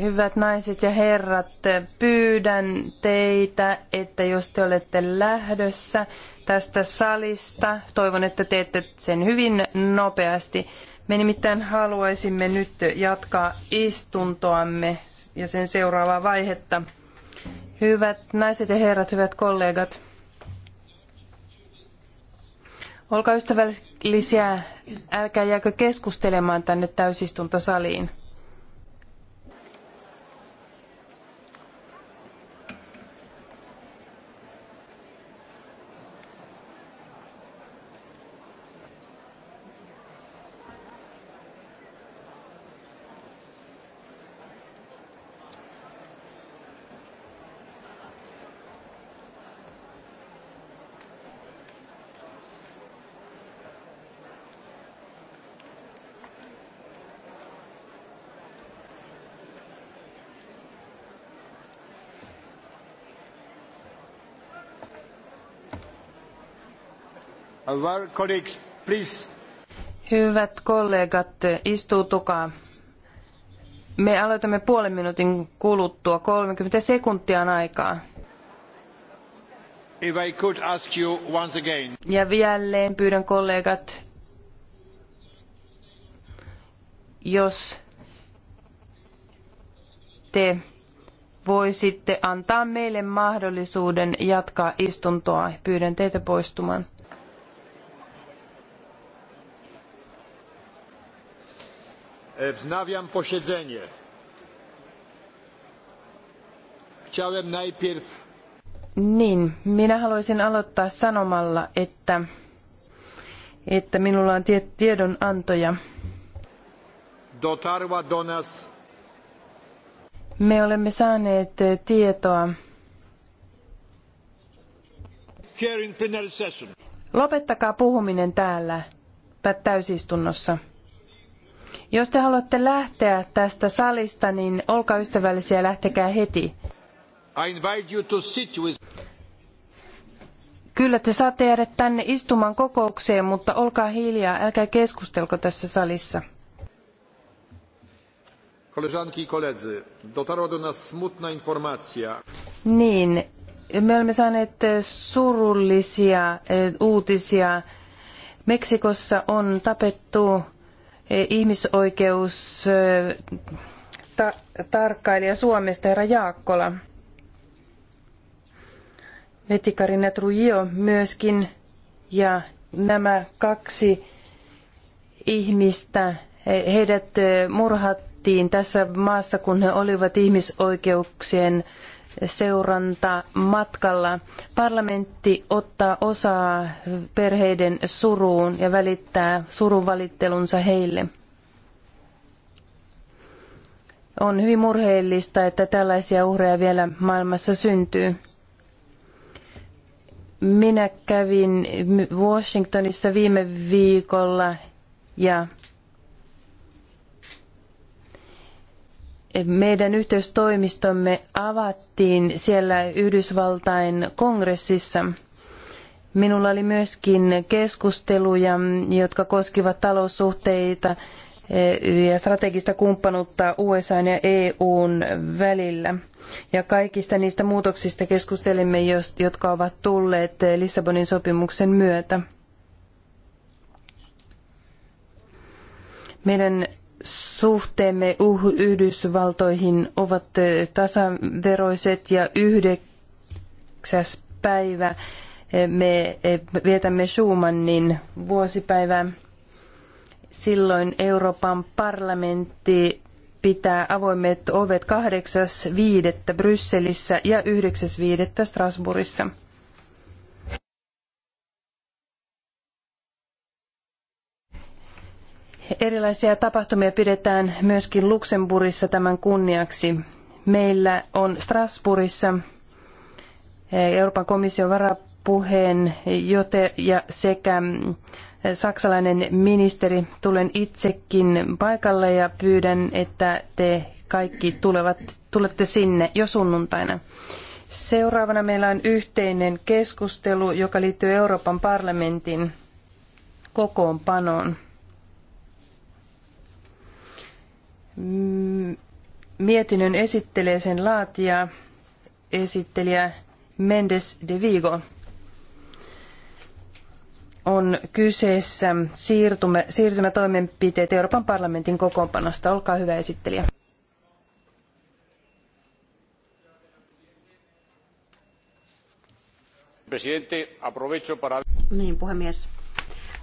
Hyvät naiset ja herrat, pyydän teitä, että jos te olette lähdössä tästä salista, toivon, että teette sen hyvin nopeasti. Me nimittäin haluaisimme nyt jatkaa istuntoamme ja sen seuraavaa vaihetta. Hyvät naiset ja herrat, hyvät kollegat. Olkaa ystävällisiä, älkää jääkö keskustelemaan tänne täysistuntosaliin. Hyvät kollegat, istuutukaa. Me aloitamme puolen minuutin kuluttua. 30 sekuntia on aikaa. If I could ask you once again. Ja jälleen pyydän kollegat, jos te voisitte antaa meille mahdollisuuden jatkaa istuntoa. Pyydän teitä poistumaan. E, wznawiam posiedzenie. Chciałem najpierw... Niin, minä haluaisin aloittaa sanomalla, että, että minulla on tie, tiedonantoja. Dotarła do nas... Me olemme saaneet e, tietoa Lopettakaa puhuminen täällä täysistunnossa. Jos te haluatte lähteä tästä salista, niin olkaa ystävällisiä ja lähtekää heti. Kyllä te saatte jäädä tänne istumaan kokoukseen, mutta olkaa hiljaa, älkää keskustelko tässä salissa. Koleżanki i koledzy, dotarła do nas smutna informacja. Niin, me olemme saaneet e, surullisia e, uutisia. Meksikossa on tapettu ihmisoikeus Suomesta, herra Jaakkola. Vetikarina Trujillo myöskin ja nämä kaksi ihmistä, heidät eh, murhattiin tässä maassa, kun he olivat ihmisoikeuksien seuranta matkalla. Parlamentti ottaa osaa perheiden suruun ja välittää surunvalittelunsa heille. On hyvin murheellista, että tällaisia uhreja vielä maailmassa syntyy. Minä kävin Washingtonissa viime viikolla ja meidän yhteystoimistomme avattiin siellä Yhdysvaltain kongressissa. Minulla oli myöskin keskusteluja, jotka koskivat taloussuhteita eh, ja strategista kumppanuutta USA ja EUn välillä. Ja kaikista niistä muutoksista keskustelimme, jotka ovat tulleet Lissabonin sopimuksen myötä. Meidän suhteemme Yhdysvaltoihin ovat eh, tasaveroiset ja yhdeksäs päivä eh, me eh, vietämme Schumannin vuosipäivää. Silloin Euroopan parlamentti pitää avoimet ovet 8.5. Brysselissä ja 9.5. Strasbourgissa. Erilaisia tapahtumia pidetään myöskin Luxemburgissa tämän kunniaksi. Meillä on Strasbourgissa eh, Euroopan komission varapuheen jote, ja sekä eh, saksalainen ministeri. Tulen itsekin paikalle ja pyydän, että te kaikki tulevat, tulette sinne jo sunnuntaina. Seuraavana meillä on yhteinen keskustelu, joka liittyy Euroopan parlamentin kokoonpanoon. Mm, mietinnön esittelee sen laatija, esittelijä Mendes de Vigo. On kyseessä siirtymä, siirtymätoimenpiteet Euroopan parlamentin kokoonpanosta. Olkaa hyvä esittelijä. Niin, puhemies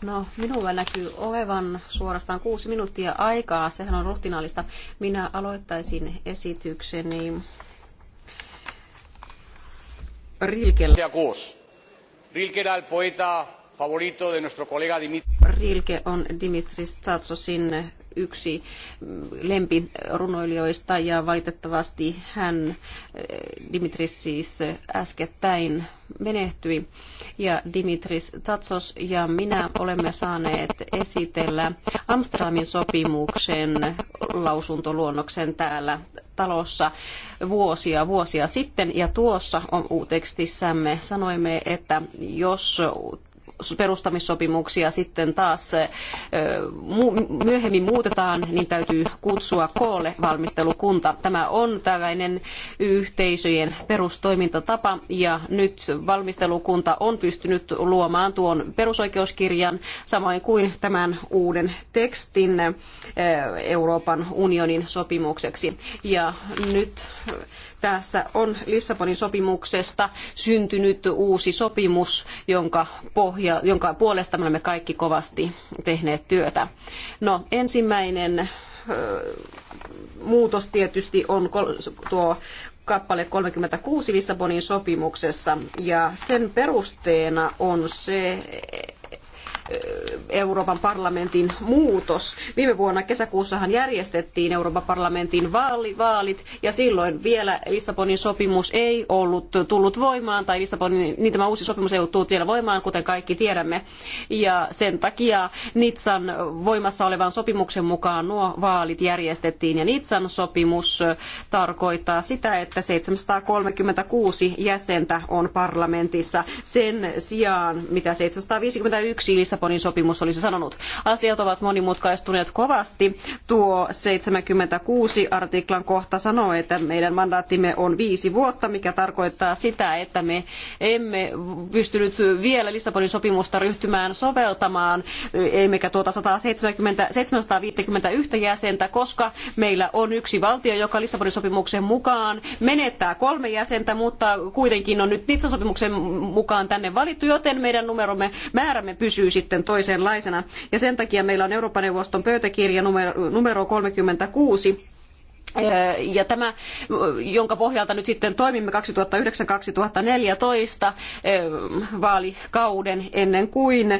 No, minulla näkyy olevan suorastaan kuusi minuuttia aikaa. Sehän on ruhtinaallista. Minä aloittaisin esitykseni Rilkellä. Rilke on poeta favorito de nuestro colega Dimitri. Rilke on Dimitris Tsatsosin yksi lempirunoilijoista ja valitettavasti hän, eh, Dimitris siis äskettäin menehtyi. Ja Dimitris Tatsos ja minä olemme saaneet esitellä Amsterdamin sopimuksen lausuntoluonnoksen täällä talossa vuosia vuosia sitten ja tuossa on uutekstissämme sanoimme, että jos perustamissopimuksia sitten taas myöhemmin muutetaan, niin täytyy kutsua koolle valmistelukunta. Tämä on tällainen yhteisöjen perustoimintatapa ja nyt valmistelukunta on pystynyt luomaan tuon perusoikeuskirjan samoin kuin tämän uuden tekstin Euroopan unionin sopimukseksi. Ja nyt tässä on Lissabonin sopimuksesta syntynyt uusi sopimus, jonka, pohja, jonka puolesta me olemme kaikki kovasti tehneet työtä. No, ensimmäinen muutos tietysti on tuo kappale 36 Lissabonin sopimuksessa ja sen perusteena on se, Eh, Euroopan parlamentin muutos. Viime vuonna kesäkuussahan järjestettiin Euroopan parlamentin vaali, vaalit ja silloin vielä Lissabonin sopimus ei ollut tullut voimaan tai Lissabonin, niin tämä uusi sopimus ei ollut tullut vielä voimaan, kuten kaikki tiedämme. Ja sen takia Nitsan voimassa olevan sopimuksen mukaan nuo vaalit järjestettiin ja Nitsan sopimus eh, tarkoittaa sitä, että 736 jäsentä on parlamentissa sen sijaan, mitä 751 Lissabonin Lissabonin sopimus olisi sanonut. Asiat ovat monimutkaistuneet kovasti. Tuo 76 artiklan kohta sanoo, että meidän mandaattimme on viisi vuotta, mikä tarkoittaa sitä, että me emme pystynyt vielä Lissabonin sopimusta ryhtymään soveltamaan, emmekä tuota 170, 751 jäsentä, koska meillä on yksi valtio, joka Lissabonin sopimuksen mukaan menettää kolme jäsentä, mutta kuitenkin on nyt Nitsan sopimuksen mukaan tänne valittu, joten meidän numeromme määrämme pysyy sitten sitten toisenlaisena. Ja sen takia meillä on Euroopan neuvoston pöytäkirja numero, kolmekymmentäkuusi. 36, Öö, ja tämä, jonka pohjalta nyt sitten toimimme 2009-2014 öö, vaalikauden ennen kuin öö,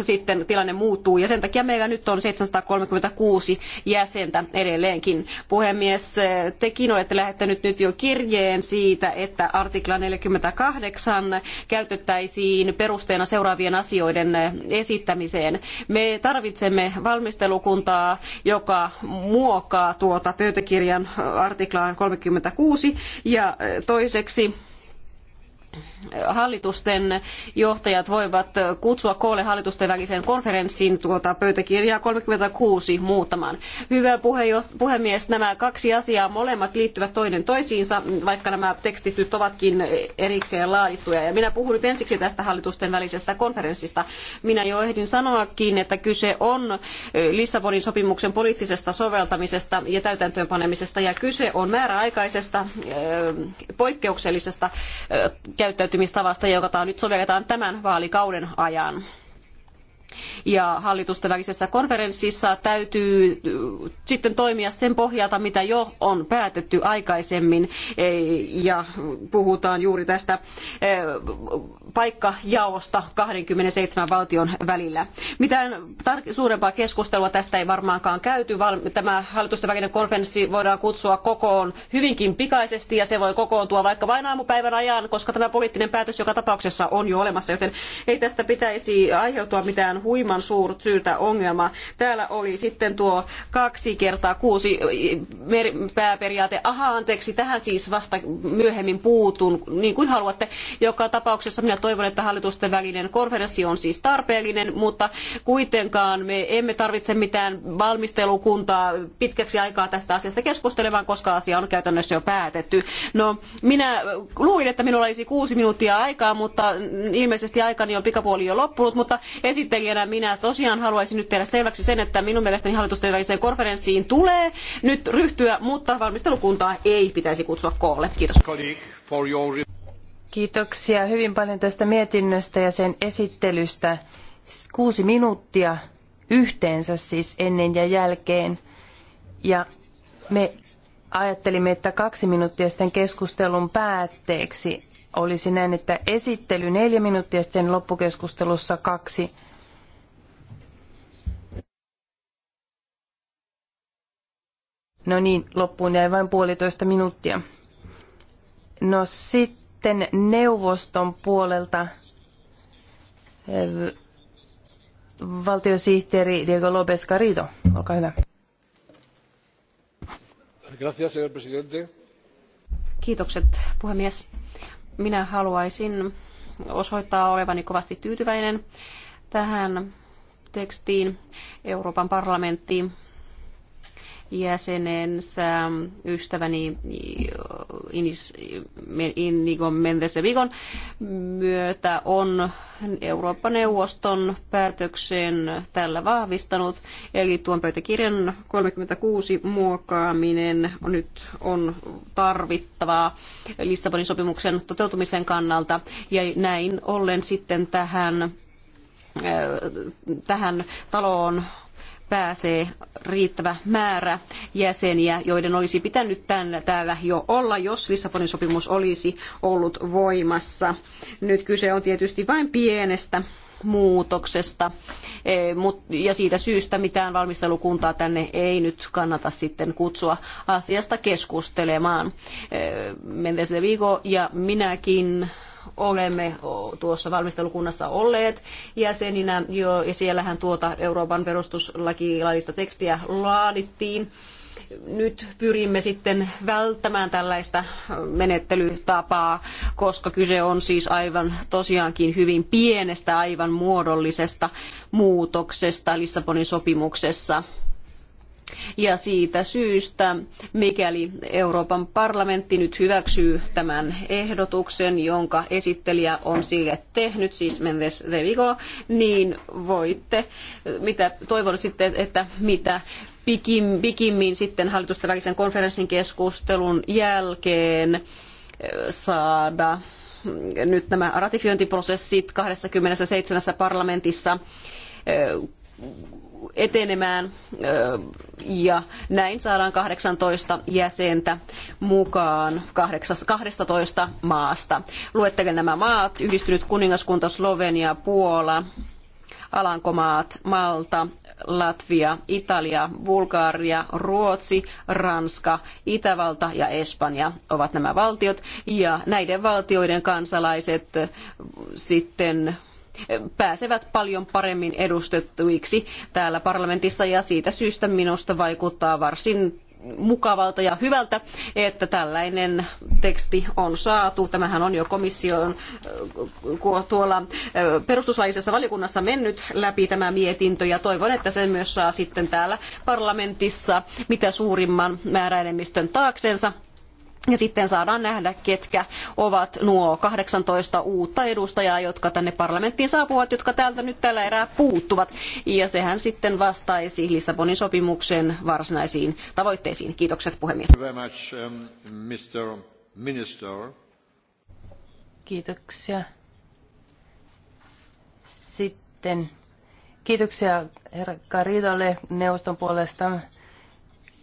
sitten tilanne muuttuu. Ja sen takia meillä nyt on 736 jäsentä edelleenkin. Puhemies, tekin olette lähettänyt nyt jo kirjeen siitä, että artikla 48 käytettäisiin perusteena seuraavien asioiden esittämiseen. Me tarvitsemme valmistelukuntaa, joka muokkaa tuota palata pöytäkirjan äh, artiklaan 36 ja äh, toiseksi hallitusten johtajat voivat kutsua koolle hallitusten välisen konferenssin tuota pöytäkirjaa 36 muuttamaan. Hyvä puhemies, nämä kaksi asiaa molemmat liittyvät toinen toisiinsa, vaikka nämä tekstityt ovatkin erikseen laadittuja. Ja minä puhun nyt ensiksi tästä hallitusten välisestä konferenssista. Minä jo ehdin sanoakin, että kyse on Lissabonin sopimuksen poliittisesta soveltamisesta ja täytäntöönpanemisesta, ja kyse on määräaikaisesta eh, poikkeuksellisesta eh, käyttäytymistavasta, joka nyt sovelletaan tämän vaalikauden ajan ja hallitusten välisessä konferenssissa täytyy sitten toimia sen pohjalta, mitä jo on päätetty aikaisemmin e, ja puhutaan juuri tästä paikkajaosta 27 valtion välillä. Mitään tar- suurempaa keskustelua tästä ei varmaankaan käyty. Tämä hallitusten välinen konferenssi voidaan kutsua kokoon hyvinkin pikaisesti ja se voi kokoontua vaikka vain aamupäivän ajan, koska tämä poliittinen päätös joka tapauksessa on jo olemassa, joten ei tästä pitäisi aiheutua mitään huimaa ilman suursyytä ongelma. Täällä oli sitten tuo kaksi kertaa kuusi pääperiaate. Aha, anteeksi, tähän siis vasta myöhemmin puutun, niin kuin haluatte. Joka tapauksessa minä toivon, että hallitusten välinen konferenssi on siis tarpeellinen, mutta kuitenkaan me emme tarvitse mitään valmistelukuntaa pitkäksi aikaa tästä asiasta keskustelemaan, koska asia on käytännössä jo päätetty. No, minä luulin, että minulla olisi kuusi minuuttia aikaa, mutta ilmeisesti aikani on pikapuoli jo loppunut, mutta esittelijänä minä minä tosiaan haluaisin nyt tehdä selväksi sen, että minun mielestäni hallitusten väliseen konferenssiin tulee nyt ryhtyä, mutta valmistelukuntaa ei pitäisi kutsua koolle. Kiitos. Kiitoksia hyvin paljon tästä mietinnöstä ja sen esittelystä. Kuusi minuuttia yhteensä siis ennen ja jälkeen. Ja me ajattelimme, että kaksi minuuttia sitten keskustelun päätteeksi olisi näin, että esittely neljä minuuttia sitten loppukeskustelussa kaksi No niin, loppuun jäi vain puolitoista minuuttia. No sitten neuvoston puolelta eh, valtiosihteeri Diego López Garrido, olkaa hyvä. Gracias, señor presidente. Kiitokset, puhemies. Minä haluaisin osoittaa olevani kovasti tyytyväinen tähän tekstiin Euroopan parlamenttiin jäsenensä, ystäväni Inigo Mendes de Vigon myötä on Eurooppa-neuvoston päätöksen tällä vahvistanut. Eli tuon pöytäkirjan 36 muokkaaminen nyt on tarvittavaa Lissabonin sopimuksen toteutumisen kannalta. Ja näin ollen sitten tähän äh, tähän taloon pääsee riittävä määrä jäseniä, joiden olisi pitänyt tän, täällä jo olla, jos Lissabonin sopimus olisi ollut voimassa. Nyt kyse on tietysti vain pienestä muutoksesta e, ja siitä syystä mitään valmistelukuntaa tänne ei nyt kannata sitten kutsua asiasta keskustelemaan. E, Mendes de Vigo ja minäkin olemme tuossa valmistelukunnassa olleet jäseninä jo, ja siellähän tuota Euroopan perustuslakilaista tekstiä laadittiin nyt pyrimme sitten välttämään tällaista menettelytapaa, koska kyse on siis aivan tosiaankin hyvin pienestä, aivan muodollisesta muutoksesta Lissabonin sopimuksessa ja siitä syystä, mikäli Euroopan parlamentti nyt hyväksyy tämän ehdotuksen, jonka esittelijä on sille tehnyt, siis Mendes de Vigo, niin voitte, mitä toivon sitten, että mitä pikim, pikimmin sitten hallitusten välisen konferenssin keskustelun jälkeen äh, saada nyt nämä ratifiointiprosessit 27 parlamentissa äh, etenemään ja näin saadaan 18 jäsentä mukaan 12 maasta. Luettelen nämä maat, yhdistynyt kuningaskunta, Slovenia, Puola, Alankomaat, Malta, Latvia, Italia, Bulgaria, Ruotsi, Ranska, Itävalta ja Espanja ovat nämä valtiot ja näiden valtioiden kansalaiset sitten pääsevät paljon paremmin edustettuiksi täällä parlamentissa ja siitä syystä minusta vaikuttaa varsin mukavalta ja hyvältä, että tällainen teksti on saatu. Tämähän on jo komission äh, tuolla äh, perustuslaillisessa valiokunnassa mennyt läpi tämä mietintö ja toivon, että se myös saa sitten täällä parlamentissa mitä suurimman määräenemmistön taaksensa ja sitten saadaan nähdä, ketkä ovat nuo 18 uutta edustajaa, jotka tänne parlamenttiin saapuvat, jotka täältä nyt tällä erää puuttuvat. Ja sehän sitten vastaisi Lissabonin sopimuksen varsinaisiin tavoitteisiin. Kiitokset puhemies. Um, kiitoksia. Sitten kiitoksia herra neuvoston puolesta.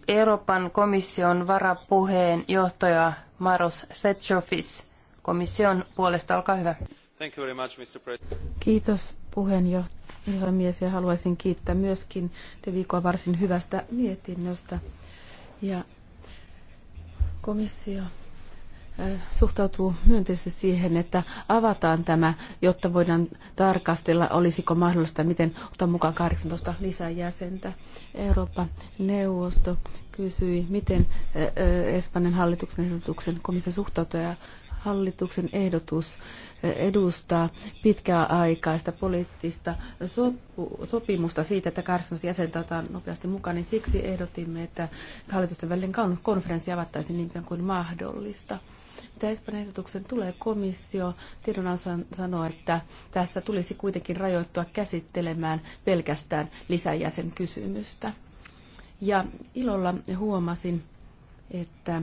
Euroopan komission varapuheenjohtaja Maros Sechofis komission puolesta. Olkaa hyvä. Thank you very much, Mr. Kiitos puhemies ja haluaisin kiittää myöskin Vicoa varsin hyvästä mietinnöstä. Ja komissio suhtautuu myönteisesti siihen, että avataan tämä, jotta voidaan tarkastella, olisiko mahdollista, miten ottaa mukaan 18 lisäjäsentä. Euroopan neuvosto kysyi, miten Espanjan hallituksen ehdotuksen komission suhtautuu ja hallituksen ehdotus edustaa pitkäaikaista poliittista sopu, sopimusta siitä, että 18 jäsentä otetaan nopeasti mukaan, niin siksi ehdotimme, että hallitusten välinen konferenssi avattaisiin niin pian kuin mahdollista. Mitä Espanjan ehdotuksen tulee, komissio tiedonannon sanoo, että tässä tulisi kuitenkin rajoittua käsittelemään pelkästään lisäjäsen kysymystä. Ja ilolla huomasin, että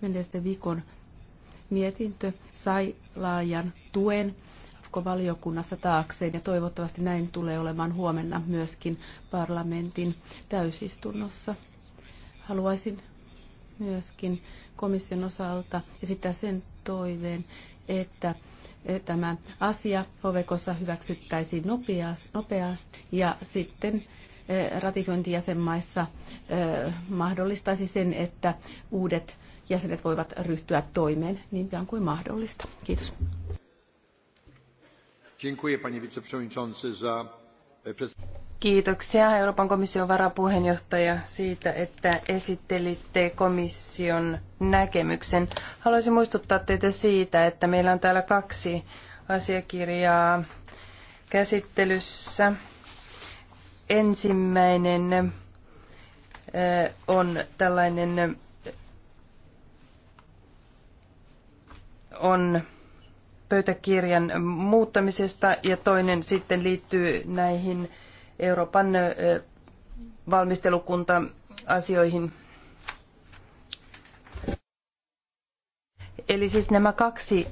menneisen viikon mietintö sai laajan tuen valiokunnassa taakseen ja toivottavasti näin tulee olemaan huomenna myöskin parlamentin täysistunnossa. Haluaisin myöskin komission osalta esittää sen toiveen, että eh, tämä asia Hovekossa hyväksyttäisiin nopeasti ja sitten eh, ratifiointi eh, mahdollistaisi sen, että uudet jäsenet voivat ryhtyä toimeen niin pian kuin mahdollista. Kiitos. Dziękuję panie wiceprzewodniczący za Kiitoksia Euroopan komission varapuheenjohtaja siitä, että esittelitte komission näkemyksen. Haluaisin muistuttaa teitä siitä, että meillä on täällä kaksi asiakirjaa käsittelyssä. Ensimmäinen on tällainen on pöytäkirjan muuttamisesta ja toinen sitten liittyy näihin Euroopan valmistelukunta asioihin. Eli siis nämä kaksi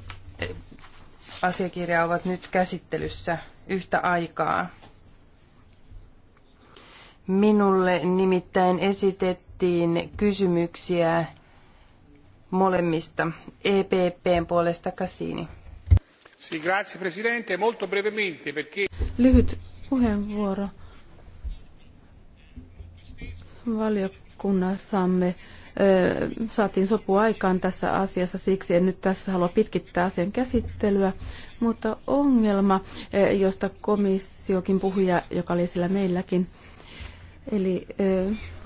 asiakirjaa ovat nyt käsittelyssä yhtä aikaa. Minulle nimittäin esitettiin kysymyksiä molemmista. EPPn puolesta Cassini. Sì, grazie Presidente. Molto brevemente perché... Lyhyt puheenvuoro valiokunnassamme saatiin sopu aikaan tässä asiassa, siksi en nyt tässä halua pitkittää asian käsittelyä, mutta ongelma, josta komissiokin puhuja, joka oli sillä meilläkin, eli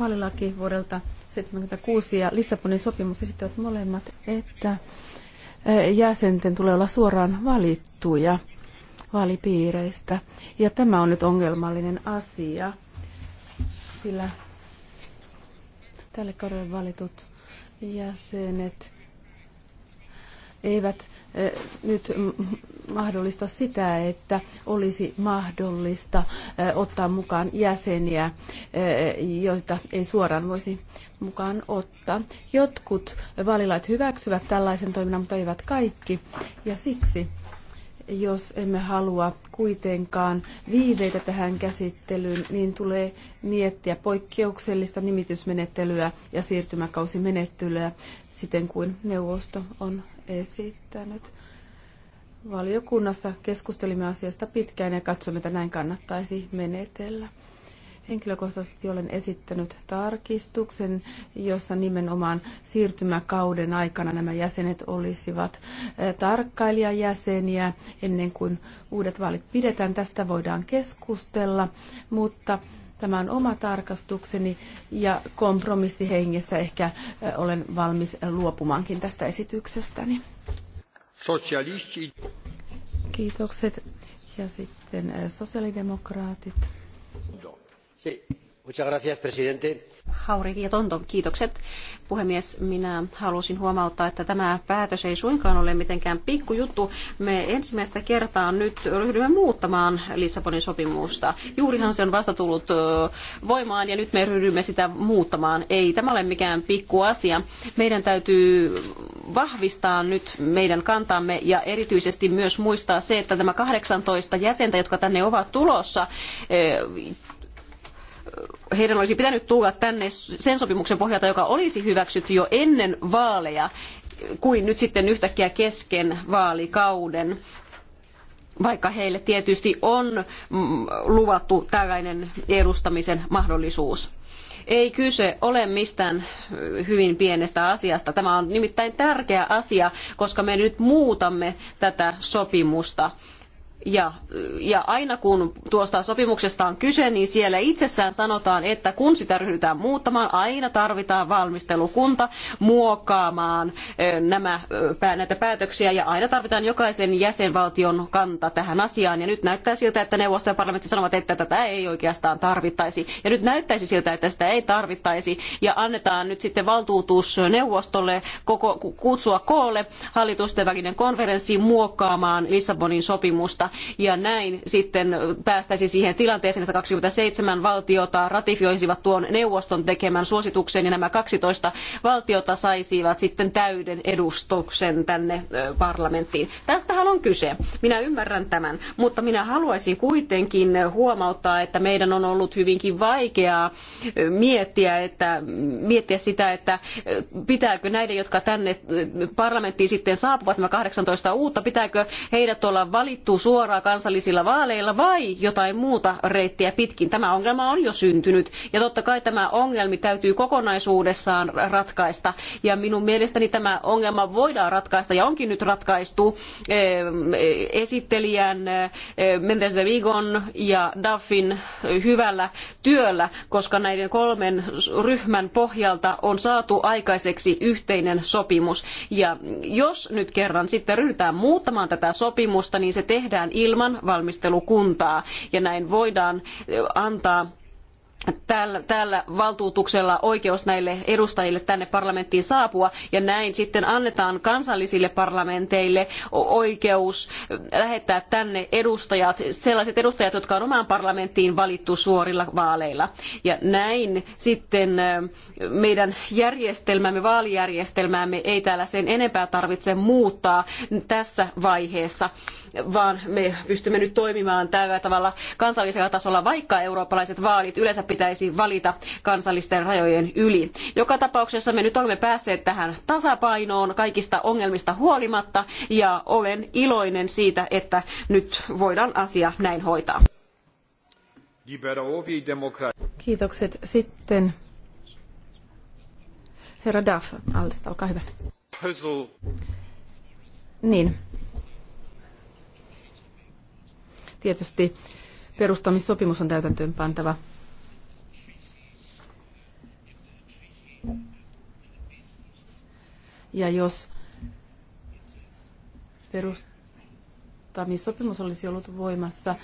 vaalilaki vuodelta 1976 ja Lissabonin sopimus esittävät molemmat, että jäsenten tulee olla suoraan valittuja vaalipiireistä. Ja tämä on nyt ongelmallinen asia, sillä tälle kaudelle valitut jäsenet eivät eh, nyt mahdollista sitä, että olisi mahdollista eh, ottaa mukaan jäseniä, eh, joita ei suoraan voisi mukaan ottaa. Jotkut valilait hyväksyvät tällaisen toiminnan, mutta eivät kaikki, ja siksi jos emme halua kuitenkaan viiveitä tähän käsittelyyn, niin tulee miettiä poikkeuksellista nimitysmenettelyä ja siirtymäkausimenettelyä siten kuin neuvosto on esittänyt. Valiokunnassa keskustelimme asiasta pitkään ja katsomme, että näin kannattaisi menetellä. Henkilökohtaisesti olen esittänyt tarkistuksen, jossa nimenomaan siirtymäkauden aikana nämä jäsenet olisivat eh, tarkkailijajäseniä ennen kuin uudet vaalit pidetään. Tästä voidaan keskustella, mutta tämä on oma tarkastukseni ja kompromissihengessä ehkä eh, olen valmis luopumaankin tästä esityksestäni. Sosialisti. Kiitokset. Ja sitten eh, sosiaalidemokraatit arvoisa puhemies Hauriki ja kiitokset. Puhemies, minä halusin huomauttaa, että tämä päätös ei suinkaan ole mitenkään pikkujuttu. Me ensimmäistä kertaa nyt ryhdymme muuttamaan Lissabonin sopimusta. Juurihan se on vasta tullut voimaan ja nyt me ryhdymme sitä muuttamaan. Ei tämä ole mikään pikkuasia. Meidän täytyy vahvistaa nyt meidän kantamme ja erityisesti myös muistaa se, että nämä 18 jäsentä, jotka tänne ovat tulossa, heidän olisi pitänyt tulla tänne sen sopimuksen pohjalta, joka olisi hyväksytty jo ennen vaaleja, kuin nyt sitten yhtäkkiä kesken vaalikauden vaikka heille tietysti on luvattu tällainen edustamisen mahdollisuus. Ei kyse ole mistään hyvin pienestä asiasta. Tämä on nimittäin tärkeä asia, koska me nyt muutamme tätä sopimusta. Ja, ja aina kun tuosta sopimuksesta on kyse, niin siellä itsessään sanotaan, että kun sitä ryhdytään muuttamaan, aina tarvitaan valmistelukunta muokkaamaan nämä, näitä päätöksiä ja aina tarvitaan jokaisen jäsenvaltion kanta tähän asiaan. Ja nyt näyttää siltä, että neuvosto ja parlamentti sanovat, että tätä ei oikeastaan tarvittaisi. Ja nyt näyttäisi siltä, että sitä ei tarvittaisi ja annetaan nyt sitten valtuutus neuvostolle koko, kutsua koolle hallitusten välinen konferenssi muokkaamaan Lissabonin sopimusta ja näin sitten päästäisiin siihen tilanteeseen, että 27 valtiota ratifioisivat tuon neuvoston tekemän suosituksen ja nämä 12 valtiota saisivat sitten täyden edustuksen tänne parlamenttiin. Tästähän on kyse. Minä ymmärrän tämän, mutta minä haluaisin kuitenkin huomauttaa, että meidän on ollut hyvinkin vaikeaa miettiä, että, miettiä sitä, että pitääkö näiden, jotka tänne parlamenttiin sitten saapuvat, nämä 18 uutta, pitääkö heidät olla valittu suoraan suoraan kansallisilla vaaleilla vai jotain muuta reittiä pitkin. Tämä ongelma on jo syntynyt ja totta kai tämä ongelmi täytyy kokonaisuudessaan ratkaista ja minun mielestäni tämä ongelma voidaan ratkaista ja onkin nyt ratkaistu eh, esittelijän eh, Mendes de Vigon ja Duffin hyvällä työllä, koska näiden kolmen ryhmän pohjalta on saatu aikaiseksi yhteinen sopimus. Ja jos nyt kerran sitten ryhdytään muuttamaan tätä sopimusta, niin se tehdään ilman valmistelukuntaa. Ja näin voidaan eh, antaa Tällä, tällä, valtuutuksella oikeus näille edustajille tänne parlamenttiin saapua ja näin sitten annetaan kansallisille parlamenteille oikeus eh, lähettää tänne edustajat, sellaiset edustajat, jotka on omaan parlamenttiin valittu suorilla vaaleilla. Ja näin sitten eh, meidän järjestelmämme, vaalijärjestelmäämme ei täällä sen enempää tarvitse muuttaa tässä vaiheessa vaan me pystymme nyt toimimaan tällä tavalla kansallisella tasolla, vaikka eurooppalaiset vaalit yleensä pitäisi valita kansallisten rajojen yli. Joka tapauksessa me nyt olemme päässeet tähän tasapainoon kaikista ongelmista huolimatta ja olen iloinen siitä, että nyt voidaan asia näin hoitaa. Kiitokset. Sitten herra Duff, Allista, olkaa hyvä. Puzzle. Niin, Tietysti perustamissopimus on täytäntöönpantava. Ja jos perustamissopimus olisi ollut voimassa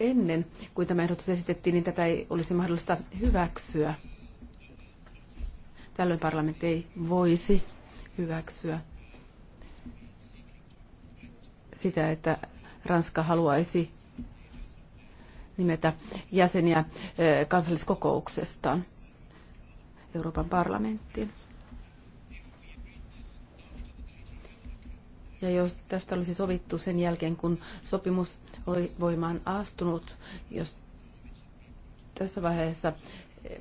ennen kuin tämä ehdotus esitettiin, niin tätä ei olisi mahdollista hyväksyä. Tällöin parlamentti ei voisi hyväksyä sitä, että Ranska haluaisi nimetä jäseniä eh, kansalliskokouksestaan Euroopan parlamenttiin. Ja jos tästä olisi sovittu sen jälkeen, kun sopimus oli voimaan astunut, jos tässä vaiheessa eh,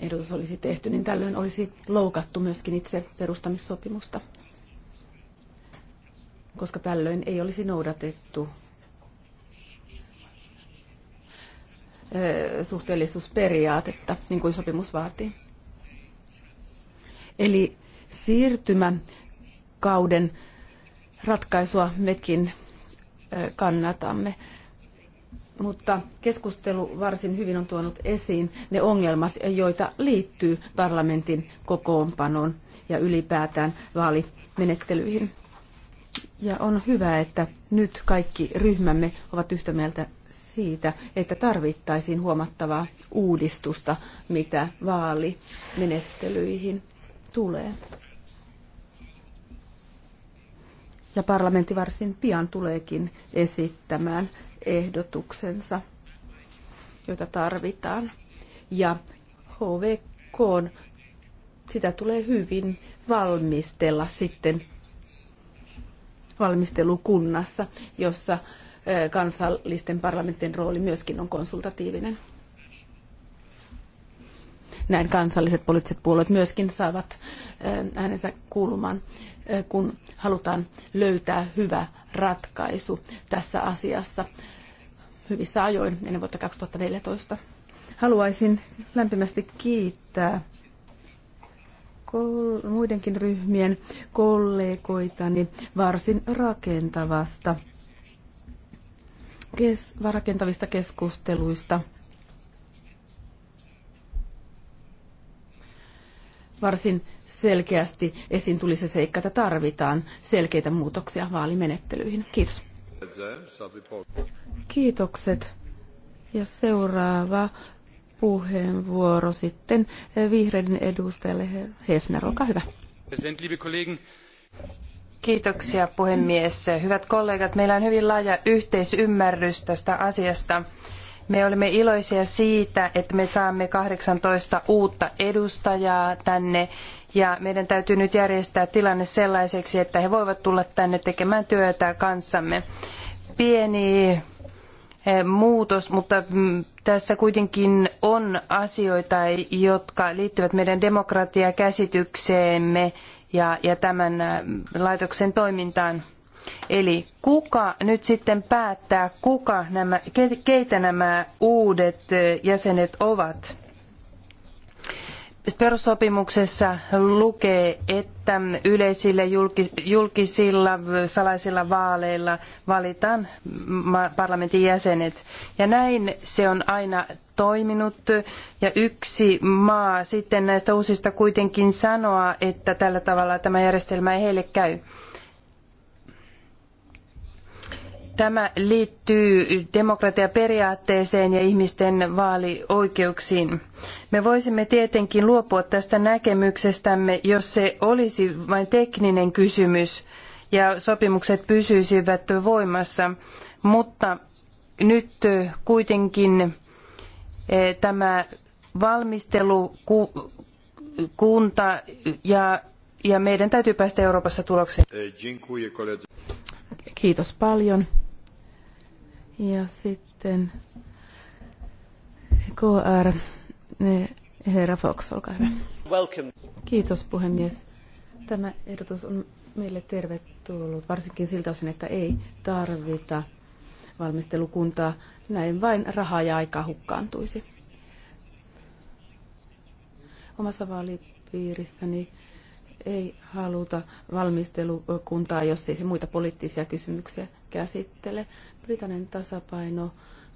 ehdotus olisi tehty, niin tällöin olisi loukattu myöskin itse perustamissopimusta koska tällöin ei olisi noudatettu suhteellisuusperiaatetta, niin kuin sopimus vaatii. Eli siirtymäkauden ratkaisua mekin kannatamme. Mutta keskustelu varsin hyvin on tuonut esiin ne ongelmat, joita liittyy parlamentin kokoonpanoon ja ylipäätään vaalimenettelyihin. Ja on hyvä, että nyt kaikki ryhmämme ovat yhtä mieltä siitä, että tarvittaisiin huomattavaa uudistusta, mitä vaalimenettelyihin tulee. Ja parlamentti varsin pian tuleekin esittämään ehdotuksensa, jota tarvitaan. Ja HVK sitä tulee hyvin valmistella sitten valmistelukunnassa, jossa kansallisten parlamenttien rooli myöskin on konsultatiivinen. Näin kansalliset poliittiset puolueet myöskin saavat äänensä kuulumaan, kun halutaan löytää hyvä ratkaisu tässä asiassa hyvissä ajoin ennen vuotta 2014. Haluaisin lämpimästi kiittää muidenkin ryhmien kollegoitani varsin rakentavasta kes, rakentavista keskusteluista. Varsin selkeästi esiin tuli se seikka, että tarvitaan selkeitä muutoksia vaalimenettelyihin. Kiitos. Kiitokset. Ja seuraava puheenvuoro sitten vihreiden edustajalle Hefner, olkaa hyvä. Kiitoksia puhemies. Hyvät kollegat, meillä on hyvin laaja yhteisymmärrys tästä asiasta. Me olemme iloisia siitä, että me saamme 18 uutta edustajaa tänne ja meidän täytyy nyt järjestää tilanne sellaiseksi, että he voivat tulla tänne tekemään työtä kanssamme. Pieni eh, muutos, mutta mm, tässä kuitenkin on asioita, jotka liittyvät meidän demokratiakäsitykseemme ja, ja tämän laitoksen toimintaan. Eli kuka nyt sitten päättää, kuka nämä, keitä nämä uudet jäsenet ovat? perussopimuksessa lukee, että yleisillä julkisilla salaisilla vaaleilla valitaan parlamentin jäsenet. Ja näin se on aina toiminut. Ja yksi maa sitten näistä uusista kuitenkin sanoa, että tällä tavalla tämä järjestelmä ei heille käy. Tämä liittyy demokratiaperiaatteeseen ja ihmisten vaalioikeuksiin. Me voisimme tietenkin luopua tästä näkemyksestämme, jos se olisi vain tekninen kysymys ja sopimukset pysyisivät voimassa, mutta nyt kuitenkin eh, tämä valmistelukunta ja, ja meidän täytyy päästä Euroopassa tulokseen. Kiitos paljon. Ja sitten KR, herra Fox, olkaa hyvä. Welcome. Kiitos puhemies. Tämä ehdotus on meille tervetullut, varsinkin siltä osin, että ei tarvita valmistelukuntaa. Näin vain rahaa ja aikaa hukkaantuisi. Omassa vaalipiirissäni ei haluta valmistelukuntaa, jos ei se muita poliittisia kysymyksiä käsittele. Britannian tasapaino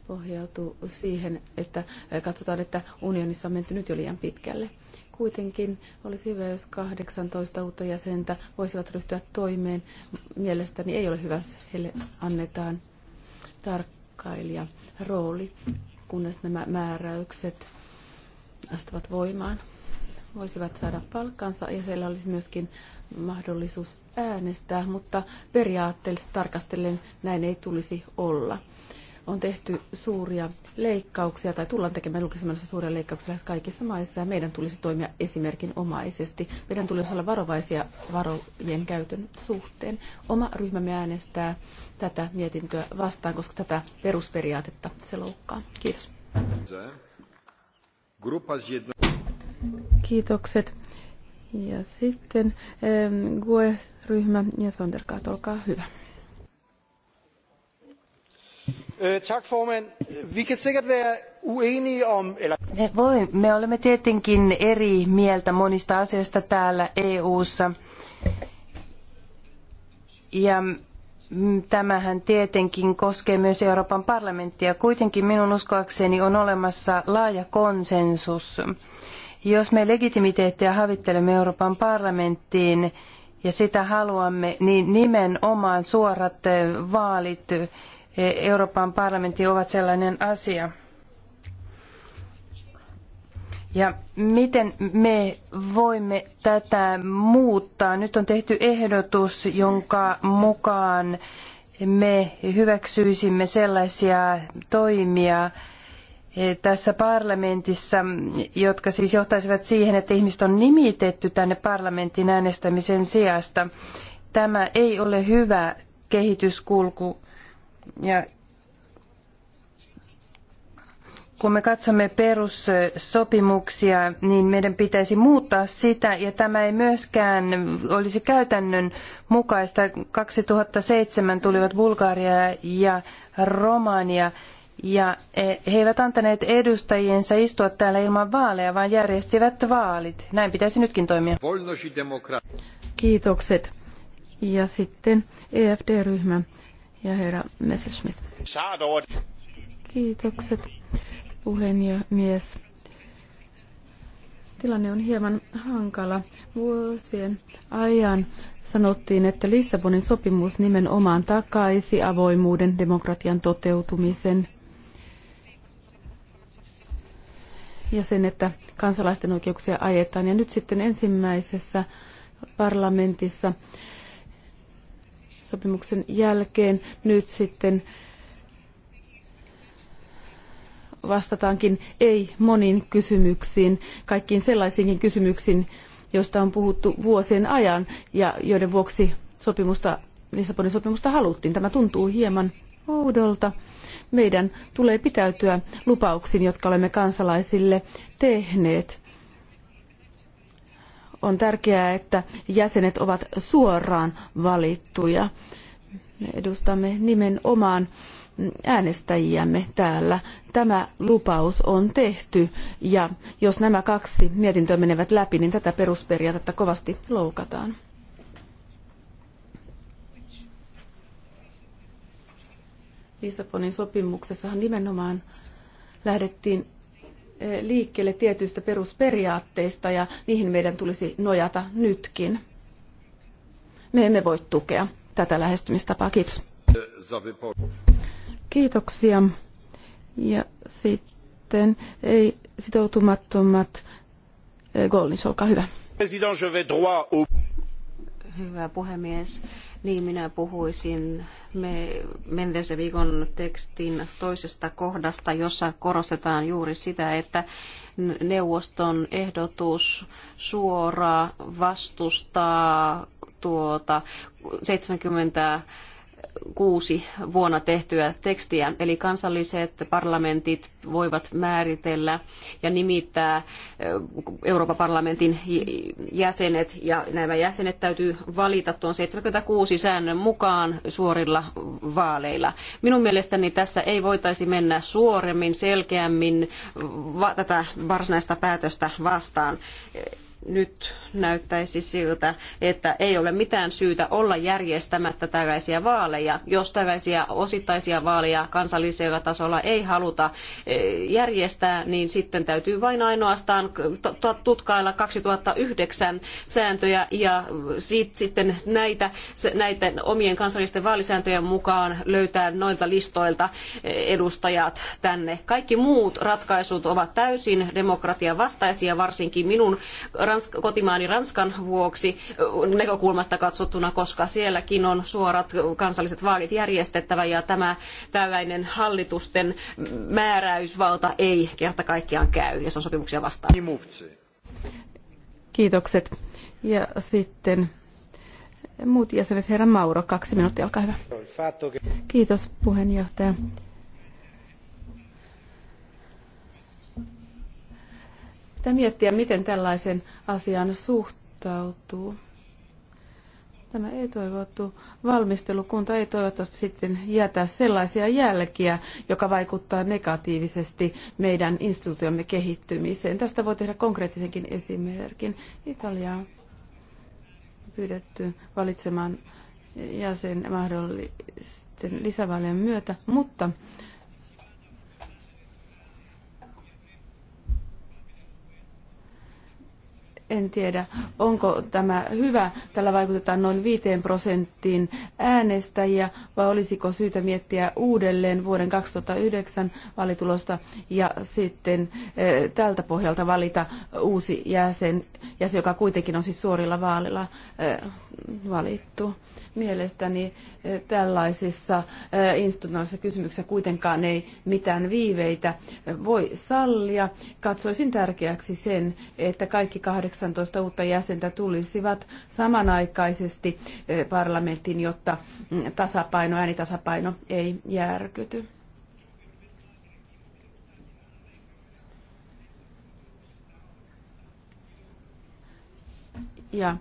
pohjautuu siihen, että katsotaan, että unionissa on menty nyt jo liian pitkälle. Kuitenkin olisi hyvä, jos 18 uutta jäsentä voisivat ryhtyä toimeen. Mielestäni ei ole hyvä, jos heille annetaan tarkkailija rooli, kunnes nämä määräykset astuvat voimaan. Voisivat saada palkkansa ja siellä olisi myöskin mahdollisuus äänestää, mutta periaatteellisesti tarkastellen näin ei tulisi olla. On tehty suuria leikkauksia tai tullaan tekemään julkisemmassa suuria leikkauksia lähes kaikissa maissa ja meidän tulisi toimia esimerkinomaisesti. Meidän tulisi olla varovaisia varojen käytön suhteen. Oma ryhmämme äänestää tätä mietintöä vastaan, koska tätä perusperiaatetta se loukkaa. Kiitos. Kiitokset. Ja sitten GUE-ryhmä ja Sonderkaat, olkaa hyvä. Øh, Tack, formen. Vi kan sikkert om... Eller... Me, voi, me olemme tietenkin eri mieltä monista asioista täällä EU:ssa. Ja Tämähän tietenkin koskee myös Euroopan parlamenttia. Kuitenkin minun uskoakseni on olemassa laaja konsensus jos me legitimiteettiä havittelemme Euroopan parlamenttiin ja sitä haluamme, niin nimenomaan suorat vaalit Euroopan parlamenttiin ovat sellainen asia. Ja miten me voimme tätä muuttaa? Nyt on tehty ehdotus, jonka mukaan me hyväksyisimme sellaisia toimia, E, tässä parlamentissa, jotka siis johtaisivat siihen, että ihmiset on nimitetty tänne parlamentin äänestämisen sijasta. Tämä ei ole hyvä kehityskulku. Ja kun me katsomme perussopimuksia, niin meidän pitäisi muuttaa sitä, ja tämä ei myöskään olisi käytännön mukaista. 2007 tulivat Bulgaria ja Romania ja e, he eivät antaneet edustajiensa istua täällä ilman vaaleja, vaan järjestivät vaalit. Näin pitäisi nytkin toimia. Kiitokset. Ja sitten EFD-ryhmä ja herra Messerschmidt. Kiitokset, puhemies. Tilanne on hieman hankala. Vuosien ajan sanottiin, että Lissabonin sopimus nimenomaan takaisi avoimuuden demokratian toteutumisen ja sen, että kansalaisten oikeuksia ajetaan. Ja nyt sitten ensimmäisessä parlamentissa sopimuksen jälkeen nyt sitten vastataankin ei moniin kysymyksiin, kaikkiin sellaisiinkin kysymyksiin, joista on puhuttu vuosien ajan ja joiden vuoksi sopimusta, Lissabonin sopimusta haluttiin. Tämä tuntuu hieman oudolta. Meidän tulee pitäytyä lupauksiin, jotka olemme kansalaisille tehneet. On tärkeää, että jäsenet ovat suoraan valittuja. Me edustamme nimenomaan äänestäjiämme täällä. Tämä lupaus on tehty ja jos nämä kaksi mietintöä menevät läpi, niin tätä perusperiaatetta kovasti loukataan. Lissabonin sopimuksessahan nimenomaan lähdettiin eh, liikkeelle tietyistä perusperiaatteista ja niihin meidän tulisi nojata nytkin. Me emme voi tukea tätä lähestymistapaa. Kiitos. Kiitoksia. Ja sitten ei sitoutumattomat eh, Gollins, olkaa hyvä. Hyvä puhemies niin minä puhuisin me menneisen viikon tekstin toisesta kohdasta, jossa korostetaan juuri sitä, että neuvoston ehdotus suoraan vastustaa tuota 70 kuusi vuonna tehtyä tekstiä, eli kansalliset parlamentit voivat määritellä ja nimittää Euroopan parlamentin jäsenet, ja nämä jäsenet täytyy valita tuon 76 säännön mukaan suorilla vaaleilla. Minun mielestäni tässä ei voitaisi mennä suoremmin, selkeämmin tätä varsinaista päätöstä vastaan nyt näyttäisi siltä, että ei ole mitään syytä olla järjestämättä tällaisia vaaleja, jos tällaisia osittaisia vaaleja kansallisella tasolla ei haluta eh, järjestää, niin sitten täytyy vain ainoastaan tutkailla 2009 sääntöjä ja sitten näitä, näiden omien kansallisten vaalisääntöjen mukaan löytää noilta listoilta eh, edustajat tänne. Kaikki muut ratkaisut ovat täysin demokratian vastaisia, varsinkin minun Ranska, kotimaani Ranskan vuoksi näkökulmasta katsottuna, koska sielläkin on suorat kansalliset vaalit järjestettävä ja tämä tällainen hallitusten määräysvalta ei kerta kaikkiaan käy ja se on sopimuksia vastaan. Kiitokset. Ja sitten muut jäsenet, herra Mauro, kaksi minuuttia, olkaa hyvä. Kiitos puheenjohtaja. Pitää miettiä, miten tällaisen asian suhtautuu. Tämä ei toivottu valmistelukunta ei toivottavasti sitten jätä sellaisia jälkiä, joka vaikuttaa negatiivisesti meidän instituutiomme kehittymiseen. Tästä voi tehdä konkreettisenkin esimerkin. Italiaa pyydetty valitsemaan jäsen mahdollisten lisävaalien myötä, mutta en tiedä, onko tämä hyvä. Tällä vaikutetaan noin 5 prosenttiin äänestäjiä, vai olisiko syytä miettiä uudelleen vuoden 2009 valitulosta ja sitten eh, tältä pohjalta valita uusi jäsen, jäsen joka kuitenkin on siis suorilla vaalilla eh, valittu. Mielestäni eh, tällaisissa instituutioissa kysymyksissä kuitenkaan ei mitään viiveitä voi sallia. Katsoisin tärkeäksi sen, että kaikki kahdeksan 18 uutta jäsentä tulisivat samanaikaisesti eh, parlamenttiin, jotta mm, tasapaino, äänitasapaino ei järkyty. Ja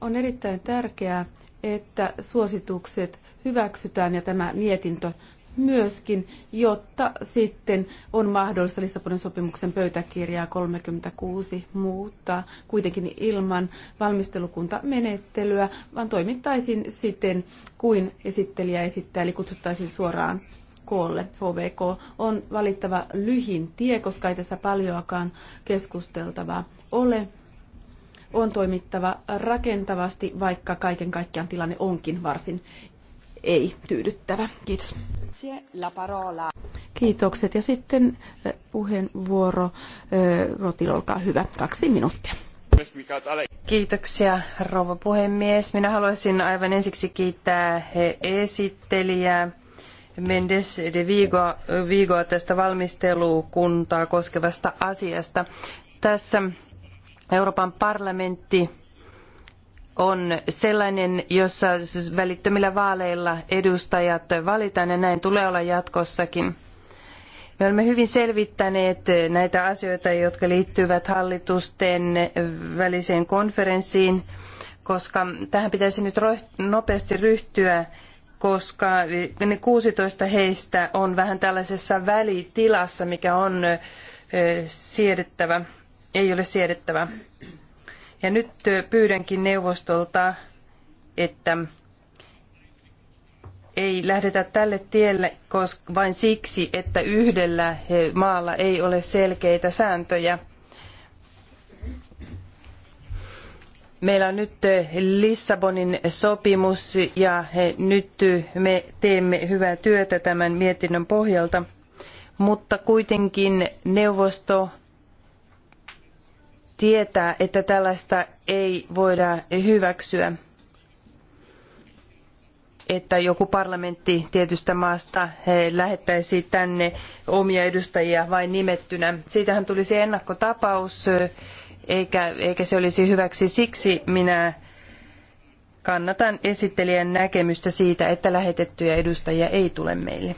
on erittäin tärkeää, että suositukset hyväksytään ja tämä mietintö myöskin, jotta sitten on mahdollista Lissabonin sopimuksen pöytäkirjaa 36 muuttaa kuitenkin ilman valmistelukuntamenettelyä, vaan toimittaisiin siten kuin esittelijä esittää, eli kutsuttaisiin suoraan koolle. HVK on valittava lyhin tie, koska ei tässä paljoakaan keskusteltavaa ole. On toimittava rakentavasti, vaikka kaiken kaikkiaan tilanne onkin varsin ei tyydyttävä. Kiitos. Kiitokset. Ja sitten puheenvuoro. Rotil, olkaa hyvä. Kaksi minuuttia. Kiitoksia, rouva puhemies. Minä haluaisin aivan ensiksi kiittää esittelijää Mendes de Vigo, Vigo tästä valmistelukuntaa koskevasta asiasta. Tässä Euroopan parlamentti on sellainen, jossa välittömillä vaaleilla edustajat valitaan ja näin tulee olla jatkossakin. Me olemme hyvin selvittäneet näitä asioita, jotka liittyvät hallitusten väliseen konferenssiin, koska tähän pitäisi nyt nopeasti ryhtyä, koska ne 16 heistä on vähän tällaisessa välitilassa, mikä on siedettävä, ei ole siedettävä. Ja nyt pyydänkin neuvostolta, että ei lähdetä tälle tielle koska vain siksi, että yhdellä maalla ei ole selkeitä sääntöjä. Meillä on nyt Lissabonin sopimus ja nyt me teemme hyvää työtä tämän mietinnön pohjalta, mutta kuitenkin neuvosto tietää, että tällaista ei voida hyväksyä, että joku parlamentti tietystä maasta lähettäisi tänne omia edustajia vain nimettynä. Siitähän tulisi ennakkotapaus, eikä, eikä se olisi hyväksi. Siksi minä kannatan esittelijän näkemystä siitä, että lähetettyjä edustajia ei tule meille.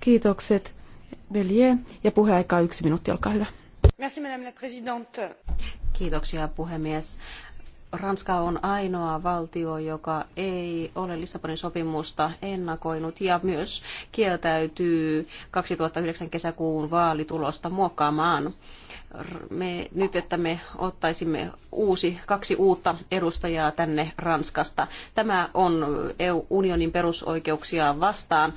Kiitokset, Ja yksi minuutti, olkaa hyvä. Merci, madame la Kiitoksia, puhemies. Ranska on ainoa valtio, joka ei ole Lissabonin sopimusta ennakoinut ja myös kieltäytyy 2009 kesäkuun vaalitulosta muokkaamaan me, nyt, että me ottaisimme uusi, kaksi uutta edustajaa tänne Ranskasta. Tämä on EU-unionin perusoikeuksia vastaan.